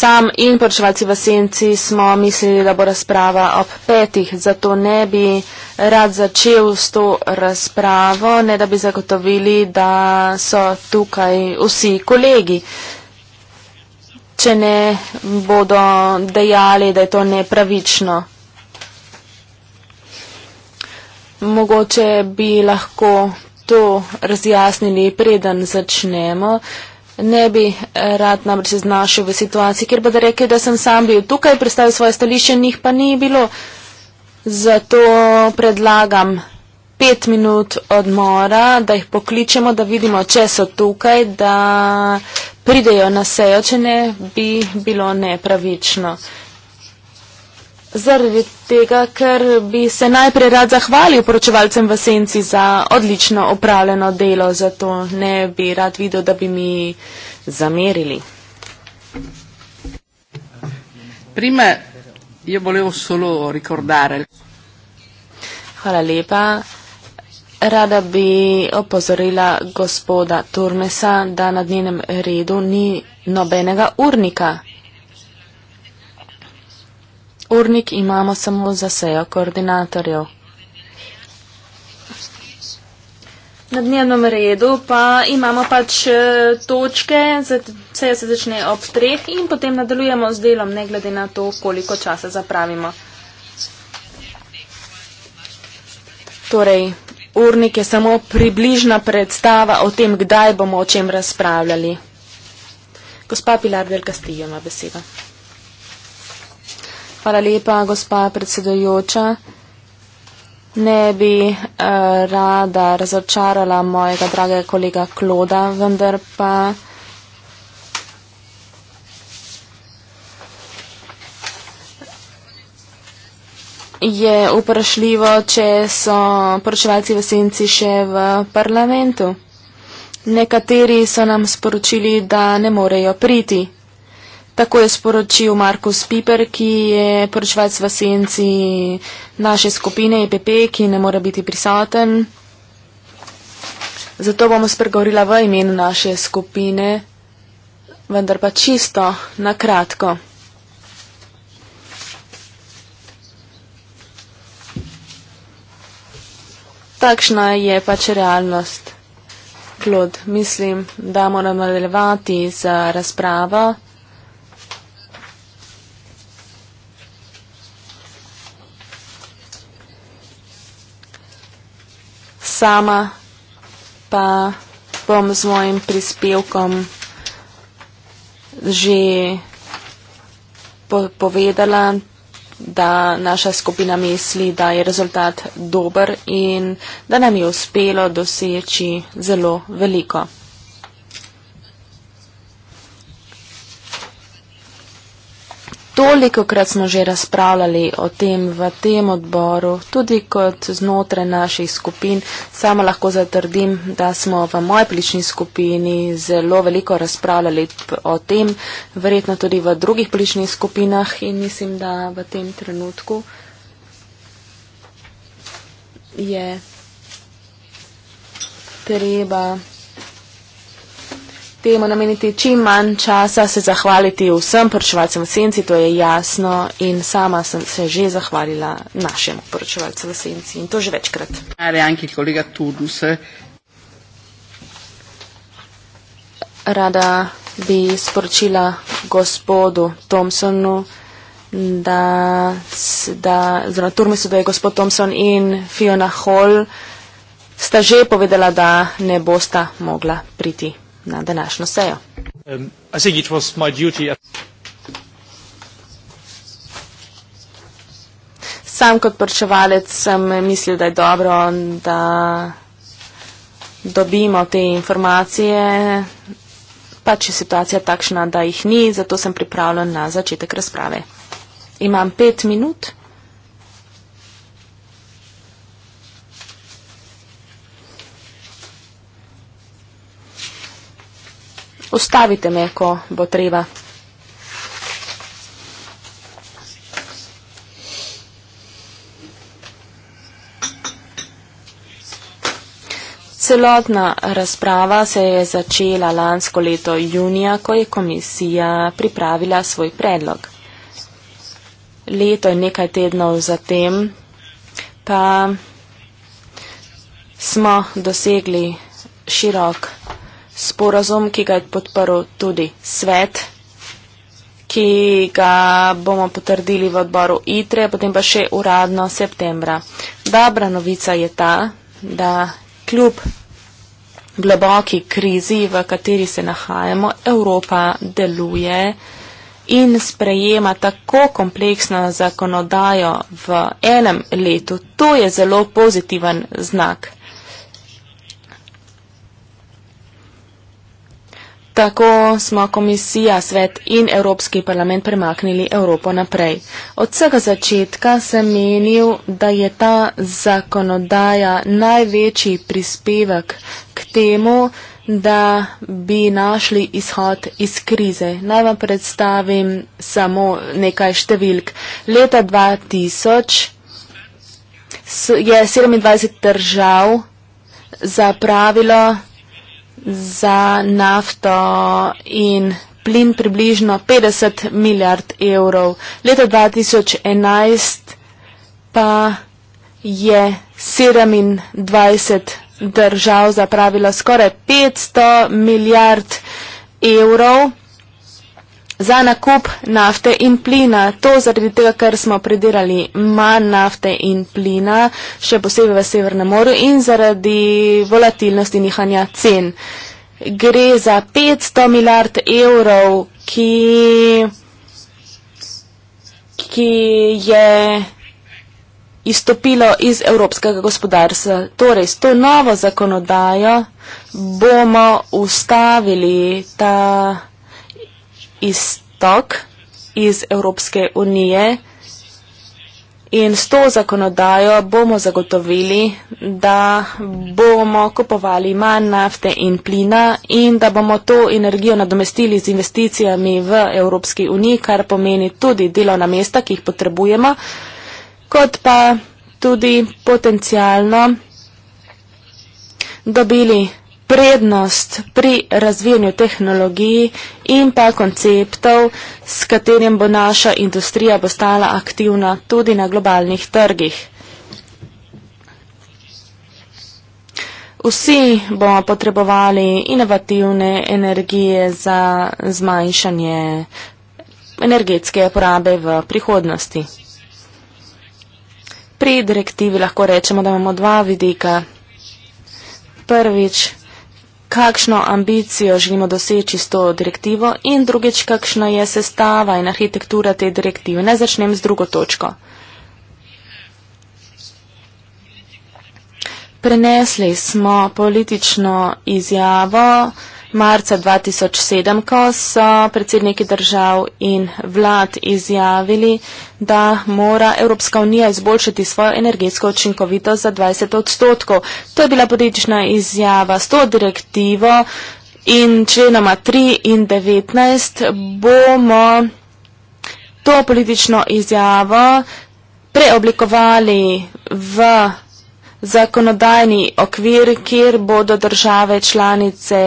Sam in poročevalci v senci smo mislili, da bo razprava ob petih, zato ne bi rad začel s to razpravo, ne da bi zagotovili, da so tukaj vsi kolegi. Če ne bodo dejali, da je to nepravično. Mogoče bi lahko to razjasnili, preden začnemo. Uh, ne bi eh, rad namreč se znašel v situaciji, ker bi da rekel, da sem sam bil tukaj, predstavil svoje stališče, njih pa ni bilo. Zato predlagam pet minut odmora, da jih pokličemo, da vidimo, če so tukaj, da pridejo na sejo, če ne bi bilo nepravično. Zaradi tega, ker bi se najprej rad zahvalil poročevalcem v Senci za odlično opravljeno delo, zato ne bi rad videl, da bi mi zamerili. Prima, io volevo solo ricordare. Hvala lepa. Rada bi opozorila gospoda Turmesa, da na njenem redu ni nobenega urnika. Urnik imamo samo za sejo koordinatorjev. Na dnevnem redu pa imamo pač eh, točke, sejo se začne ob treh in potem nadaljujemo z delom, ne glede na to, koliko časa zapravimo. Torej, urnik je samo približna predstava o tem, kdaj bomo o čem razpravljali. Gospa Pilar Del Castillo ima besedo. Hvala lepa, gospa predsedujoča. Ne bi uh, rada razočarala mojega dragega kolega Kloda, vendar pa. Je vprašljivo, če so poročevalci v senci še v parlamentu. Nekateri so nam sporočili, da ne morejo priti. Tako je sporočil Markus Piper, ki je poročevalc v senci naše skupine EPP, ki ne mora biti prisoten. Zato bomo spregovorila v imenu naše skupine, vendar pa čisto na kratko. Takšna je pač realnost. Klod, mislim, da moramo nadaljevati z razpravo. sama pa bom z mojim prispevkom že po povedala, da naša skupina misli, da je rezultat dober in da nam je uspelo doseči zelo veliko. toliko krat smo že razpravljali o tem v tem odboru, tudi kot znotraj naših skupin. Sama lahko zatrdim, da smo v moji plični skupini zelo veliko razpravljali o tem, verjetno tudi v drugih pličnih skupinah in mislim, da v tem trenutku je treba temu nameniti čim manj časa, se zahvaliti vsem poročevalcem v senci, to je jasno in sama sem se že zahvalila našemu poročevalcu v senci in to že večkrat. Rada bi sporočila gospodu Thompsonu, da, da zelo turmi so, da je gospod Thompson in Fiona Hall sta že povedala, da ne bosta mogla priti na današnjo sejo. Um, Sam kot prčevalec sem mislil, da je dobro, da dobimo te informacije, pač je situacija takšna, da jih ni, zato sem pripravljen na začetek razprave. Imam pet minut. Ostavite me, ko bo treba. Celotna razprava se je začela lansko leto junija, ko je komisija pripravila svoj predlog. Leto in nekaj tednov zatem pa smo dosegli širok sporazum, ki ga je podprl tudi svet, ki ga bomo potrdili v odboru ITRE, potem pa še uradno septembra. Dobra novica je ta, da kljub globoki krizi, v kateri se nahajamo, Evropa deluje in sprejema tako kompleksno zakonodajo v enem letu. To je zelo pozitiven znak. Tako smo komisija, svet in Evropski parlament premaknili Evropo naprej. Od vsega začetka sem menil, da je ta zakonodaja največji prispevek k temu, da bi našli izhod iz krize. Naj vam predstavim samo nekaj številk. Leta 2000 je 27 držav zapravilo za nafto in plin približno 50 milijard evrov. Leto 2011 pa je 27 držav zapravilo skoraj 500 milijard evrov za nakup nafte in plina. To zaradi tega, ker smo predirali manj nafte in plina, še posebej v Severnem morju in zaradi volatilnosti nihanja cen. Gre za 500 milijard evrov, ki, ki je izstopilo iz evropskega gospodarstva. Torej, s to novo zakonodajo bomo ustavili ta istok iz Evropske unije in s to zakonodajo bomo zagotovili, da bomo kupovali manj nafte in plina in da bomo to energijo nadomestili z investicijami v Evropski uniji, kar pomeni tudi delovna mesta, ki jih potrebujemo, kot pa tudi potencialno dobili prednost pri razvijanju tehnologij in pa konceptov, s katerim bo naša industrija postala aktivna tudi na globalnih trgih. Vsi bomo potrebovali inovativne energije za zmanjšanje energetske porabe v prihodnosti. Pri direktivi lahko rečemo, da imamo dva vidika. Prvič, kakšno ambicijo želimo doseči s to direktivo in drugič, kakšna je sestava in arhitektura te direktive. Ne začnem z drugo točko. Prenesli smo politično izjavo, marca 2007, ko so predsedniki držav in vlad izjavili, da mora Evropska unija izboljšati svojo energetsko učinkovitost za 20 odstotkov. To je bila politična izjava s to direktivo in členoma 3 in 19 bomo to politično izjavo preoblikovali v zakonodajni okvir, kjer bodo države članice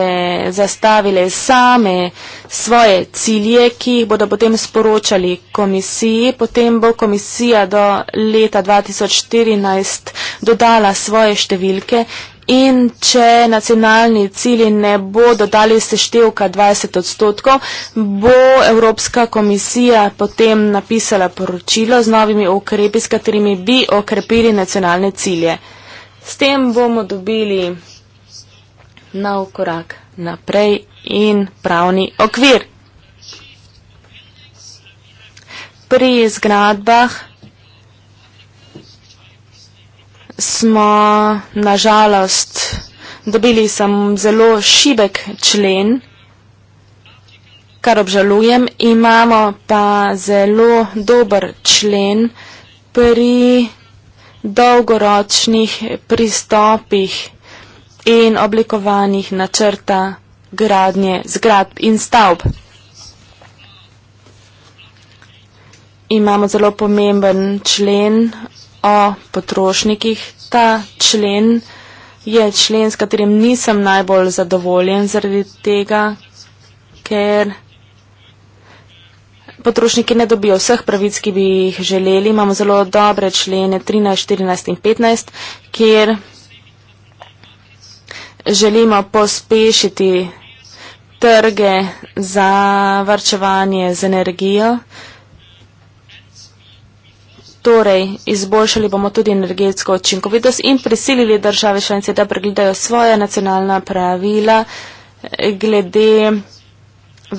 zastavile same svoje cilje, ki jih bodo potem sporočali komisiji. Potem bo komisija do leta 2014 dodala svoje številke. In če nacionalni cilji ne bodo dali seštevka 20 odstotkov, bo Evropska komisija potem napisala poročilo z novimi ukrepi, s katerimi bi okrepili nacionalne cilje. S tem bomo dobili nov korak naprej in pravni okvir. Pri zgradbah smo nažalost dobili sem zelo šibek člen, kar obžalujem, imamo pa zelo dober člen pri dolgoročnih pristopih in oblikovanjih načrta gradnje zgradb in stavb. Imamo zelo pomemben člen o potrošnikih. Ta člen je člen, s katerim nisem najbolj zadovoljen zaradi tega, ker Potrošniki ne dobijo vseh pravic, ki bi jih želeli. Imamo zelo dobre člene 13, 14 in 15, kjer želimo pospešiti trge za varčevanje z energijo. Torej, izboljšali bomo tudi energetsko očinkovitost in prisilili države članice, da pregledajo svoje nacionalna pravila glede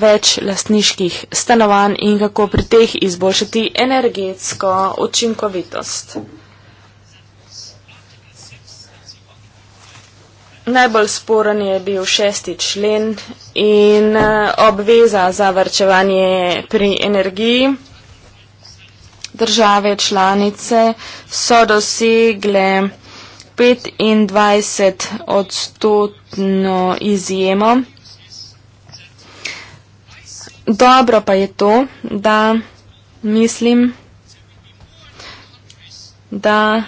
več lastniških stanovanj in kako pri teh izboljšati energetsko učinkovitost. Najbolj sporen je bil šesti člen in eh, obveza za vrčevanje pri energiji. Države članice so dosegle 25 odstotno izjemo. Dobro pa je to, da mislim, da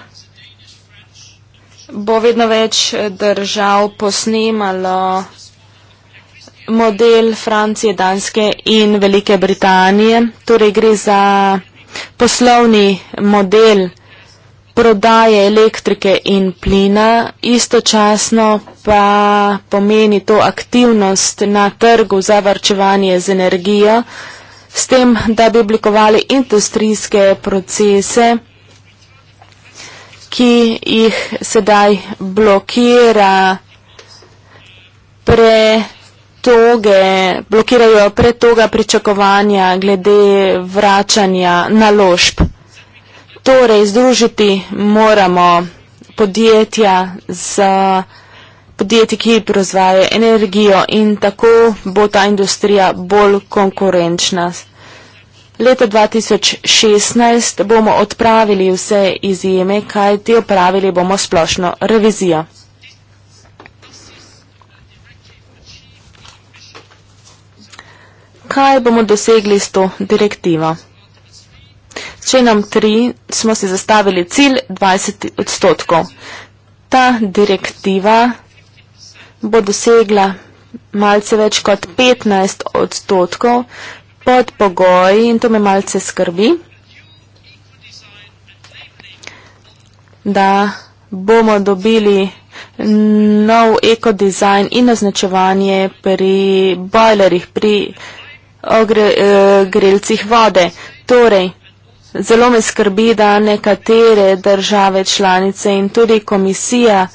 bo vedno več držav posnemalo model Francije, Danske in Velike Britanije. Torej gre za poslovni model Francije prodaje elektrike in plina, istočasno pa pomeni to aktivnost na trgu za varčevanje z energijo, s tem, da bi oblikovali industrijske procese, ki jih sedaj blokira pre. Toge, blokirajo pretoga pričakovanja glede vračanja naložb torej združiti moramo podjetja z podjetji, ki proizvajajo energijo in tako bo ta industrija bolj konkurenčna. Leta 2016 bomo odpravili vse izjeme, kaj ti opravili bomo splošno revizijo. Kaj bomo dosegli s to direktivo? členom 3 smo si zastavili cilj 20 odstotkov. Ta direktiva bo dosegla malce več kot 15 odstotkov pod pogoji in to me malce skrbi, da bomo dobili nov ekodizajn in označevanje pri bojlerih, pri ogre, e, grelcih vode. Torej, Zelo me skrbi, da nekatere države članice in tudi komisija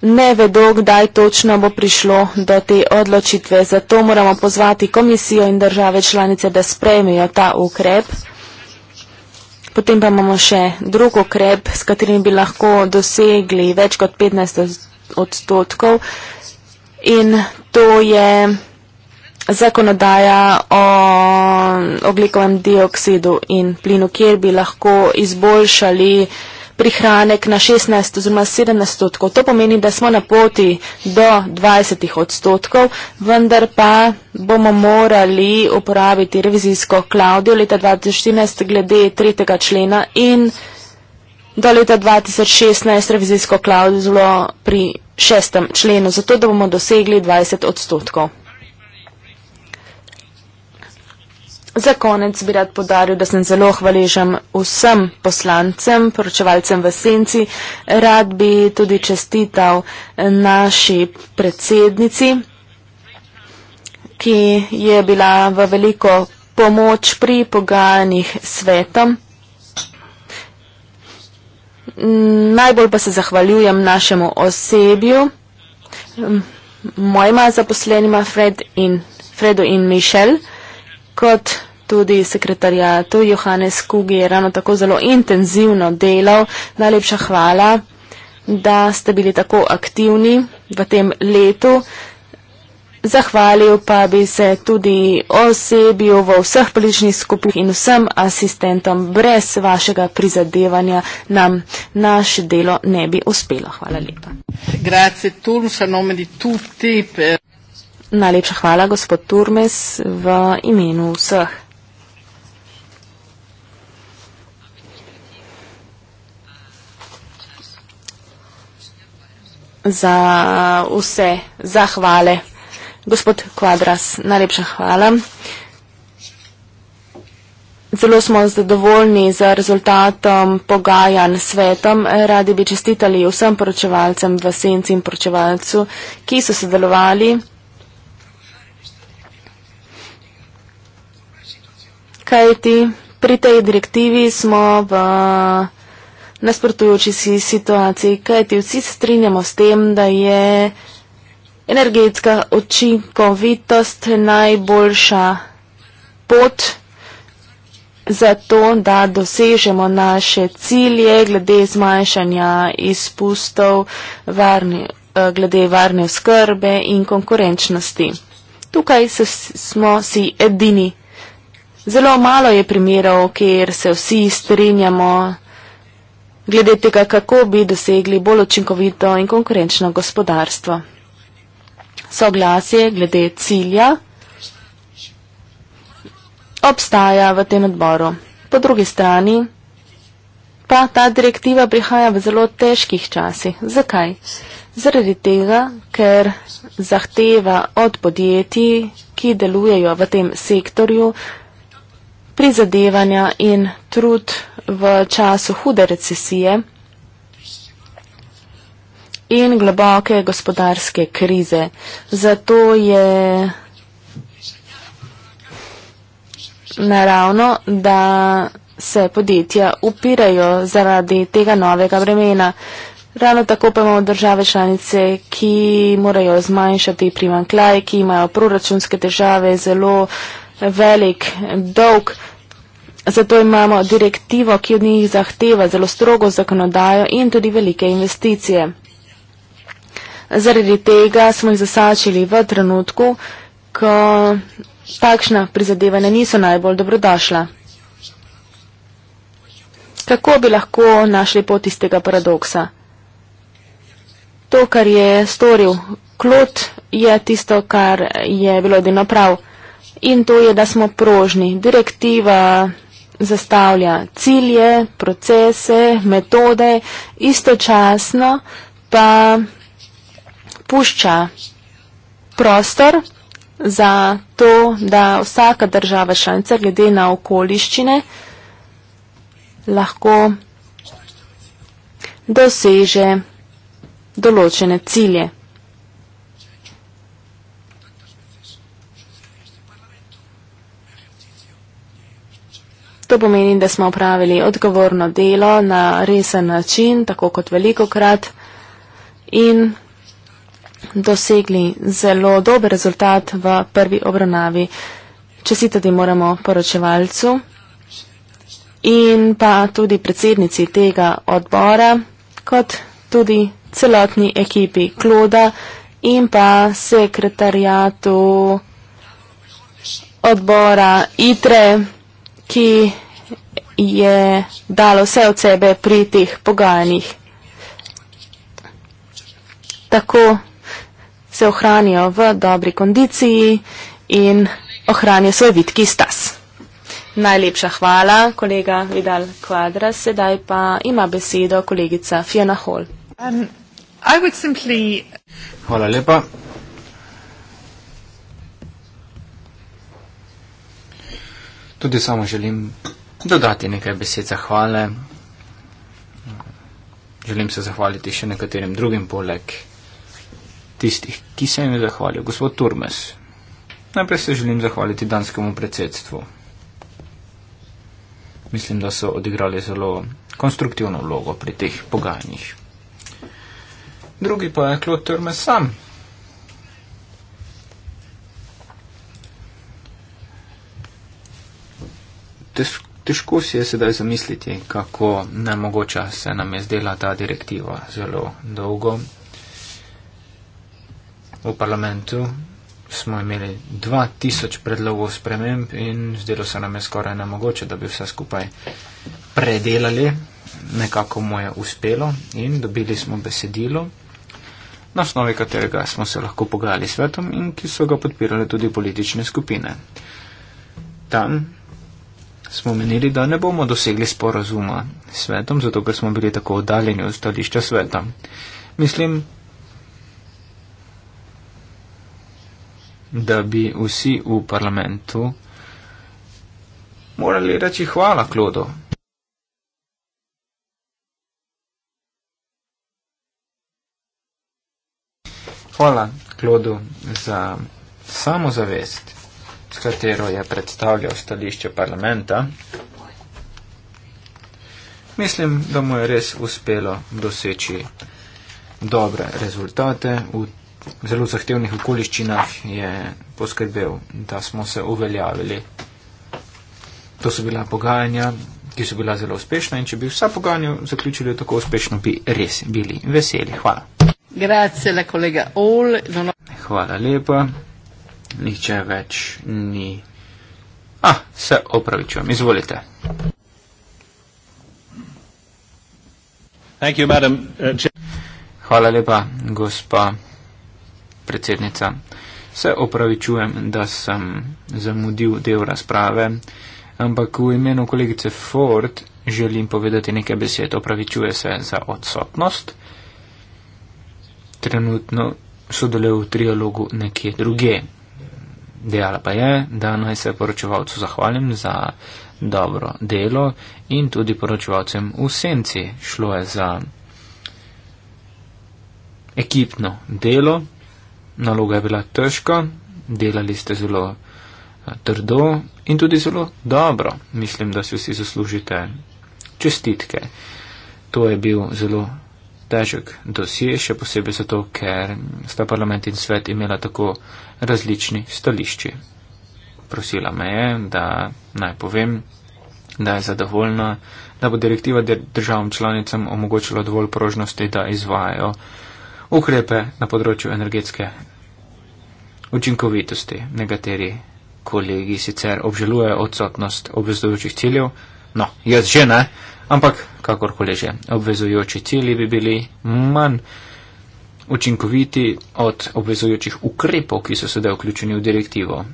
ne vedo, kdaj točno bo prišlo do te odločitve. Zato moramo pozvati komisijo in države članice, da spremijo ta ukrep. Potem pa imamo še drug ukrep, s katerim bi lahko dosegli več kot 15 odstotkov. In to je zakonodaja o oglikovem dioksidu in plinu, kjer bi lahko izboljšali prihranek na 16 oziroma 17 odstotkov. To pomeni, da smo na poti do 20 odstotkov, vendar pa bomo morali uporabiti revizijsko klaudijo leta 2014 glede 3. člena in do leta 2016 revizijsko klaudijo pri 6. členu, zato da bomo dosegli 20 odstotkov. Za konec bi rad podaril, da sem zelo hvaležen vsem poslancem, poročevalcem v senci. Rad bi tudi čestital naši predsednici, ki je bila v veliko pomoč pri pogajanjih svetom. Najbolj pa se zahvaljujem našemu osebju, mojima zaposlenima Fred in, Fredu in Mišel, kot tudi sekretarjatu Johannes Kugi je ravno tako zelo intenzivno delal. Najlepša hvala, da ste bili tako aktivni v tem letu. Zahvalil pa bi se tudi osebju v vseh političnih skupih in vsem asistentom. Brez vašega prizadevanja nam naše delo ne bi uspelo. Hvala lepa. Grazie, Turm, Najlepša hvala, gospod Turmes, v imenu vseh. za vse zahvale. Gospod Kvadras, najlepša hvala. Zelo smo zadovoljni z rezultatom pogajan svetom. Radi bi čestitali vsem poročevalcem v senci in poročevalcu, ki so sodelovali. Kajti pri tej direktivi smo v nasprotujoči si situaciji, kajti vsi strinjamo s tem, da je energetska očinkovitost najboljša pot za to, da dosežemo naše cilje glede zmanjšanja izpustov, varni, eh, glede varne oskrbe in konkurenčnosti. Tukaj se, smo si edini. Zelo malo je primerov, kjer se vsi strinjamo glede tega, kako bi dosegli bolj učinkovito in konkurenčno gospodarstvo. Soglasje glede cilja obstaja v tem odboru. Po drugi strani pa ta direktiva prihaja v zelo težkih časih. Zakaj? Zaradi tega, ker zahteva od podjetij, ki delujejo v tem sektorju, prizadevanja in trud v času hude recesije in globoke gospodarske krize. Zato je naravno, da se podjetja upirajo zaradi tega novega vremena. Ravno tako pa imamo države članice, ki morajo zmanjšati primankljaj, ki imajo proračunske države zelo uh, velik, dolg. Zato imamo direktivo, ki od njih zahteva zelo strogo zakonodajo in tudi velike investicije. Zaradi tega smo jih zasačili v trenutku, ko takšna prizadevanja niso najbolj dobrodošla. Kako bi lahko našli pot iz tega paradoksa? To, kar je storil Klot, je tisto, kar je bilo edino prav in to je, da smo prožni. Direktiva zastavlja cilje, procese, metode, istočasno pa pušča prostor za to, da vsaka država šanca glede na okoliščine lahko doseže določene cilje. To pomeni, da smo opravili odgovorno delo na resen način, tako kot veliko krat, in dosegli zelo dober rezultat v prvi obravnavi. Česi tudi moramo poročevalcu in pa tudi predsednici tega odbora, kot tudi celotni ekipi Kloda in pa sekretarjatu odbora ITRE ki je dalo vse od sebe pri teh pogajanjih. Tako se ohranijo v dobri kondiciji in ohranijo svoj vitki stas. Najlepša hvala, kolega Vidal Kvadra. Sedaj pa ima besedo kolegica Fiona Hall. Um, Hvala lepa. Tudi samo želim dodati nekaj besed zahvale. Želim se zahvaliti še nekaterim drugim poleg tistih, ki se jim je zahvalil gospod Turmes. Najprej se želim zahvaliti danskemu predsedstvu. Mislim, da so odigrali zelo konstruktivno vlogo pri teh pogajanjih. Drugi pa je Klot Turmes sam, težko si je sedaj zamisliti, kako nemogoča se nam je zdela ta direktiva zelo dolgo. V parlamentu smo imeli 2000 predlogov sprememb in zdelo se nam je skoraj nemogoče, da bi vse skupaj predelali. Nekako mu je uspelo in dobili smo besedilo, na osnovi katerega smo se lahko pogajali s svetom in ki so ga podpirale tudi politične skupine. Tam smo menili, da ne bomo dosegli sporazuma s svetom, zato ker smo bili tako oddaljeni od stališča sveta. Mislim, da bi vsi v parlamentu morali reči hvala Klodo. Hvala Klodu za samozavest s katero je predstavljal stališče parlamenta. Mislim, da mu je res uspelo doseči dobre rezultate. V zelo zahtevnih okoliščinah je poskrbel, da smo se uveljavili. To so bila pogajanja, ki so bila zelo uspešna in če bi vsa pogajanja zaključili tako uspešno, bi res bili veseli. Hvala. Grazie, la collega Hvala lepa nihče več ni. A, ah, se opravičujem, izvolite. You, madam, uh, Hvala lepa, gospa predsednica. Se opravičujem, da sem zamudil del razprave, ampak v imenu kolegice Ford želim povedati nekaj besed. Opravičuje se za odsotnost. Trenutno sodeluje v trialogu nekje drugje. Dejala pa je, da naj se poročevalcu zahvalim za dobro delo in tudi poročevalcem v senci šlo je za ekipno delo. Naloga je bila težka, delali ste zelo eh, trdo in tudi zelo dobro. Mislim, da si vsi zaslužite čestitke. To je bil zelo težek dosje, še posebej zato, ker sta parlament in svet imela tako različni stališči. Prosila me je, da naj povem, da je zadovoljna, da bo direktiva državam članicam omogočila dovolj prožnosti, da izvajajo ukrepe na področju energetske učinkovitosti. Nekateri kolegi sicer obžalujejo odsotnost obvezdujočih ciljev, no, jaz že ne ampak kakorkoli že, obvezujoči cilji bi bili manj učinkoviti od obvezujočih ukrepov, ki so sedaj vključeni v direktivo.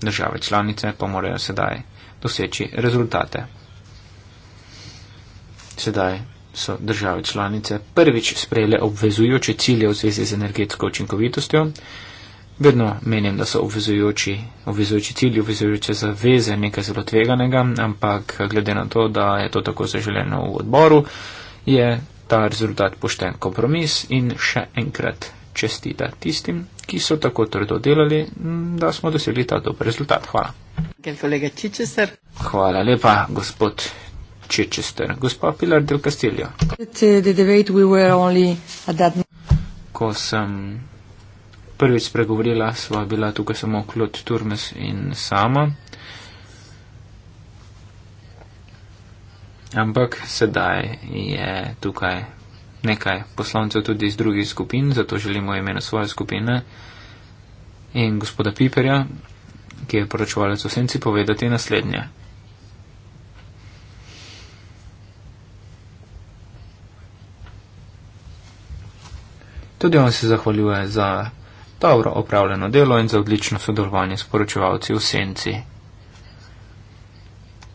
Države članice pa morajo sedaj doseči rezultate. Sedaj so države članice prvič sprejele obvezujoče cilje v zvezi z energetsko učinkovitostjo. Vedno menim, da so obvezujoči, obvezujoči cilji, obvezujoče zaveze nekaj zelo tveganega, ampak glede na to, da je to tako zaželeno v odboru, je ta rezultat pošten kompromis in še enkrat čestita tistim, ki so tako trdo delali, da smo dosegli ta dober rezultat. Hvala. Hvala lepa, gospod. Čečester, gospa Pilar del Castillo. Uh, Ko sem prvič spregovorila, sva bila tukaj samo Klod Turmes in sama. Ampak sedaj je tukaj nekaj poslancev tudi iz drugih skupin, zato želimo imeno svoje skupine in gospoda Piperja, ki je poročevalec v senci, povedati naslednje. Tudi on se zahvaljuje za dobro opravljeno delo in za odlično sodelovanje s poročevalci v senci.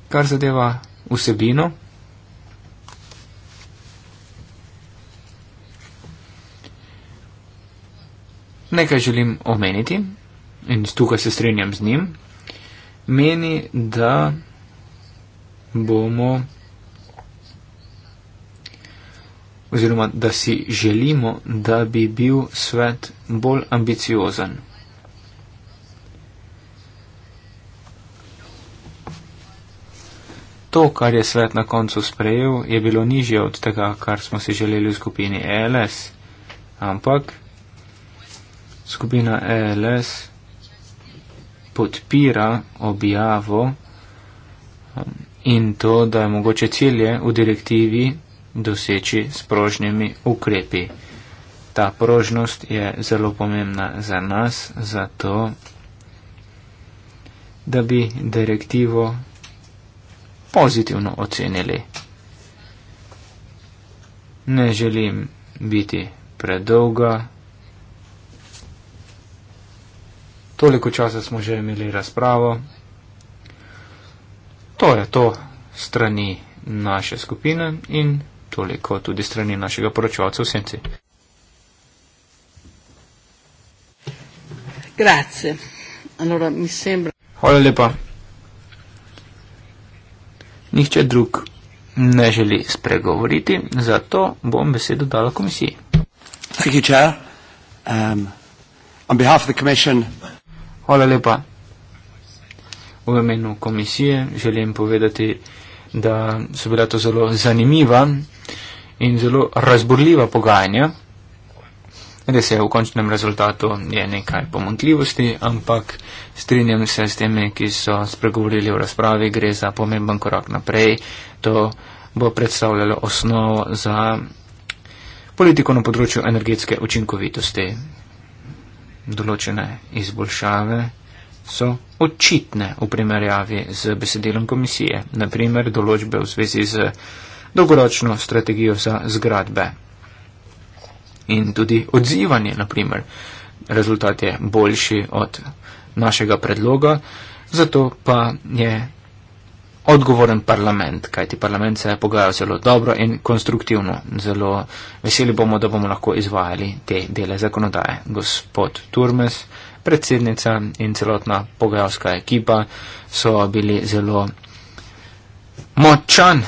Kar zadeva vsebino, nekaj želim omeniti in tukaj se strinjam z njim. Meni, da bomo oziroma da si želimo, da bi bil svet bolj ambiciozen. To, kar je svet na koncu sprejel, je bilo nižje od tega, kar smo si želeli v skupini ELS, ampak skupina ELS podpira objavo um, in to, da je mogoče cilje v direktivi doseči s prožnimi ukrepi. Ta prožnost je zelo pomembna za nas, zato da bi direktivo pozitivno ocenili. Ne želim biti predolga. Toliko časa smo že imeli razpravo. To je to strani naše skupine in toliko tudi strani našega poročevalca v senci. Grazie. Allora, mi sembra... Hvala lepa. Nihče drug ne želi spregovoriti, zato bom besedo dala komisiji. Thank you, Chair. Um, on behalf of the Commission. Hvala lepa. V imenu komisije želim povedati, da so bila to zelo zanimiva in zelo razborljiva pogajanja. Res je, v končnem rezultatu je nekaj pomankljivosti, ampak strinjam se s temi, ki so spregovorili v razpravi, gre za pomemben korak naprej. To bo predstavljalo osnovo za politiko na področju energetske učinkovitosti. Določene izboljšave so očitne v primerjavi z besedilom komisije, naprimer določbe v zvezi z dolgoročno strategijo za zgradbe. In tudi odzivanje, naprimer, rezultat je boljši od našega predloga, zato pa je odgovoren parlament, kajti parlament se je pogajal zelo dobro in konstruktivno. Zelo veseli bomo, da bomo lahko izvajali te dele zakonodaje. Gospod Turmes, predsednica in celotna pogajalska ekipa so bili zelo močan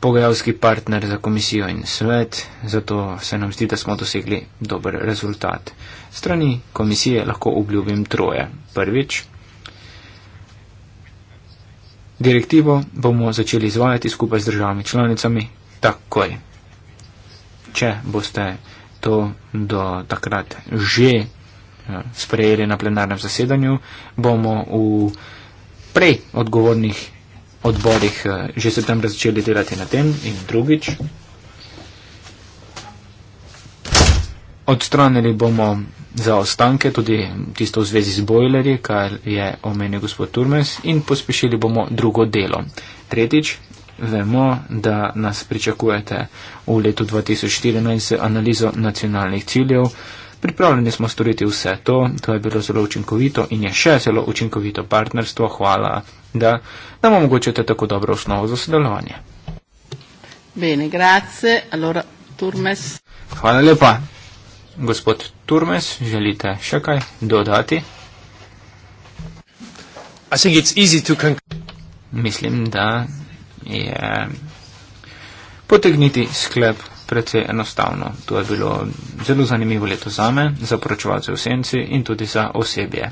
pogajalski partner za komisijo in svet, zato se nam zdi, da smo dosegli dober rezultat. Strani komisije lahko obljubim troje. Prvič, direktivo bomo začeli izvajati skupaj z državami članicami takoj. Če boste to do takrat že Eh, sprejeli na plenarnem zasedanju, bomo v prej odgovornih odborih eh, že septembra začeli delati na tem in drugič. Odstranili bomo zaostanke, tudi tisto v zvezi z bojleri, kar je omenil gospod Turmes, in pospešili bomo drugo delo. Tretjič, vemo, da nas pričakujete v letu 2014 analizo nacionalnih ciljev pripravljeni smo storiti vse to, to je bilo zelo učinkovito in je še zelo učinkovito partnerstvo. Hvala, da nam omogočate tako dobro osnovo za sodelovanje. Bene, grazie. Allora, Turmes. Hvala lepa. Gospod Turmes, želite še kaj dodati? Mislim, da je potegniti sklep precej enostavno. To je bilo zelo zanimivo leto za me, za poročevalce v senci in tudi za osebje.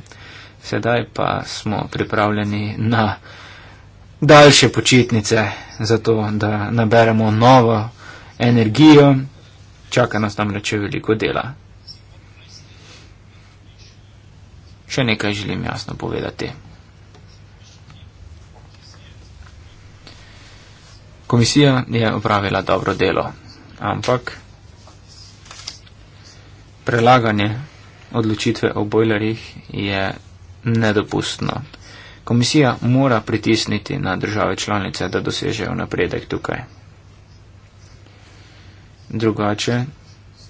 Sedaj pa smo pripravljeni na daljše počitnice, zato da naberemo novo energijo. Čaka nas namreč veliko dela. Še nekaj želim jasno povedati. Komisija je opravila dobro delo ampak prelaganje odločitve o bojlerjih je nedopustno. Komisija mora pritisniti na države članice, da dosežejo napredek tukaj. Drugače,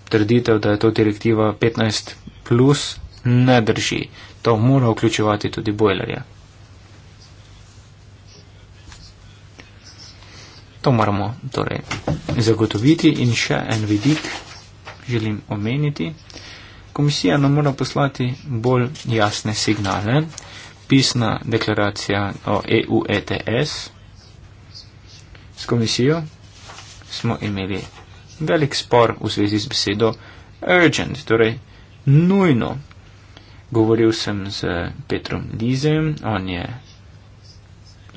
trditev, da je to direktiva 15 plus, ne drži. To mora vključevati tudi bojlerje. To moramo torej zagotoviti in še en vidik želim omeniti. Komisija nam mora poslati bolj jasne signale. Pisna deklaracija o EU ETS s komisijo smo imeli velik spor v zvezi z besedo urgent, torej nujno. Govoril sem z Petrom Lizem, on je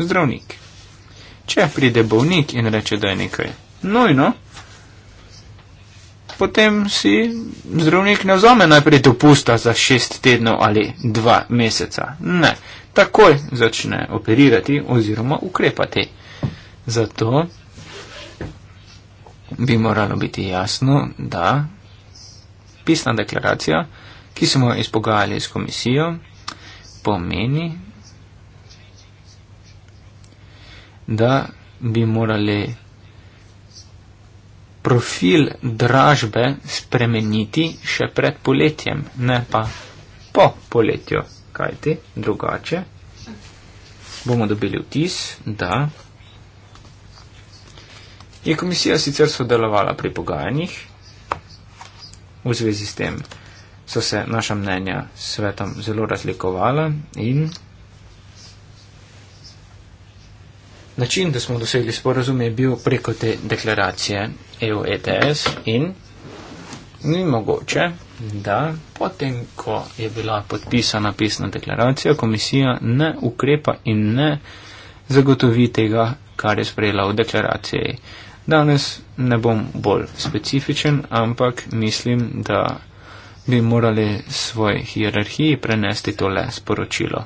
zdravnik. Če pride bolnik in reče, da je nekaj nujno, potem si zdravnik ne vzame najprej dopusta za šest tednov ali dva meseca. Ne, takoj začne operirati oziroma ukrepati. Zato bi moralo biti jasno, da pisna deklaracija, ki smo jo izpogajali s komisijo, pomeni, da bi morali profil dražbe spremeniti še pred poletjem, ne pa po poletju, kajti drugače bomo dobili vtis, da je komisija sicer sodelovala pri pogajanjih v zvezi s tem. So se naša mnenja s svetom zelo razlikovala in Način, da smo dosegli sporazum, je bil preko te deklaracije EU-ETS in ni mogoče, da potem, ko je bila podpisana pisna deklaracija, komisija ne ukrepa in ne zagotovi tega, kar je sprejela v deklaraciji. Danes ne bom bolj specifičen, ampak mislim, da bi morali svoj hierarhiji prenesti tole sporočilo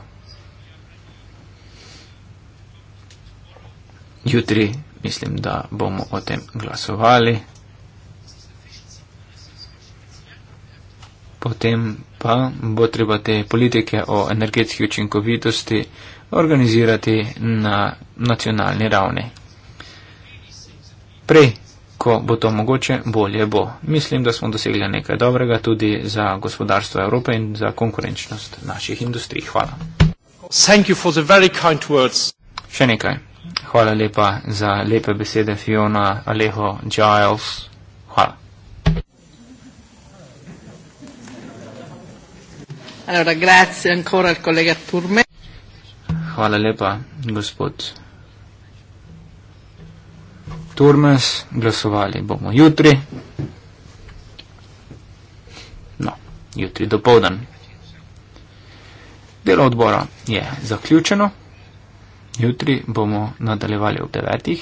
Jutri mislim, da bomo o tem glasovali. Potem pa bo treba te politike o energetski učinkovitosti organizirati na nacionalni ravni. Prej, ko bo to mogoče, bolje bo. Mislim, da smo dosegli nekaj dobrega tudi za gospodarstvo Evrope in za konkurenčnost naših industrij. Hvala. Še nekaj. Hvala lepa za lepe besede Fiona Alejo Giles. Hvala. Allora, grazie ancora al collega Turme. Hvala lepa, gospod Turmes. Glasovali bomo jutri. No, jutri do povdan. Delo odbora je zaključeno. Jutri bomo nadaljevali ob 9.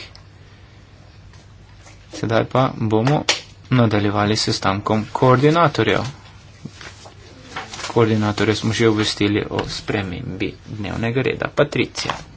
Sedaj pa bomo nadaljevali s stankom koordinatorjev. Koordinatorje smo že obvestili o spremembi dnevnega reda. Patricija.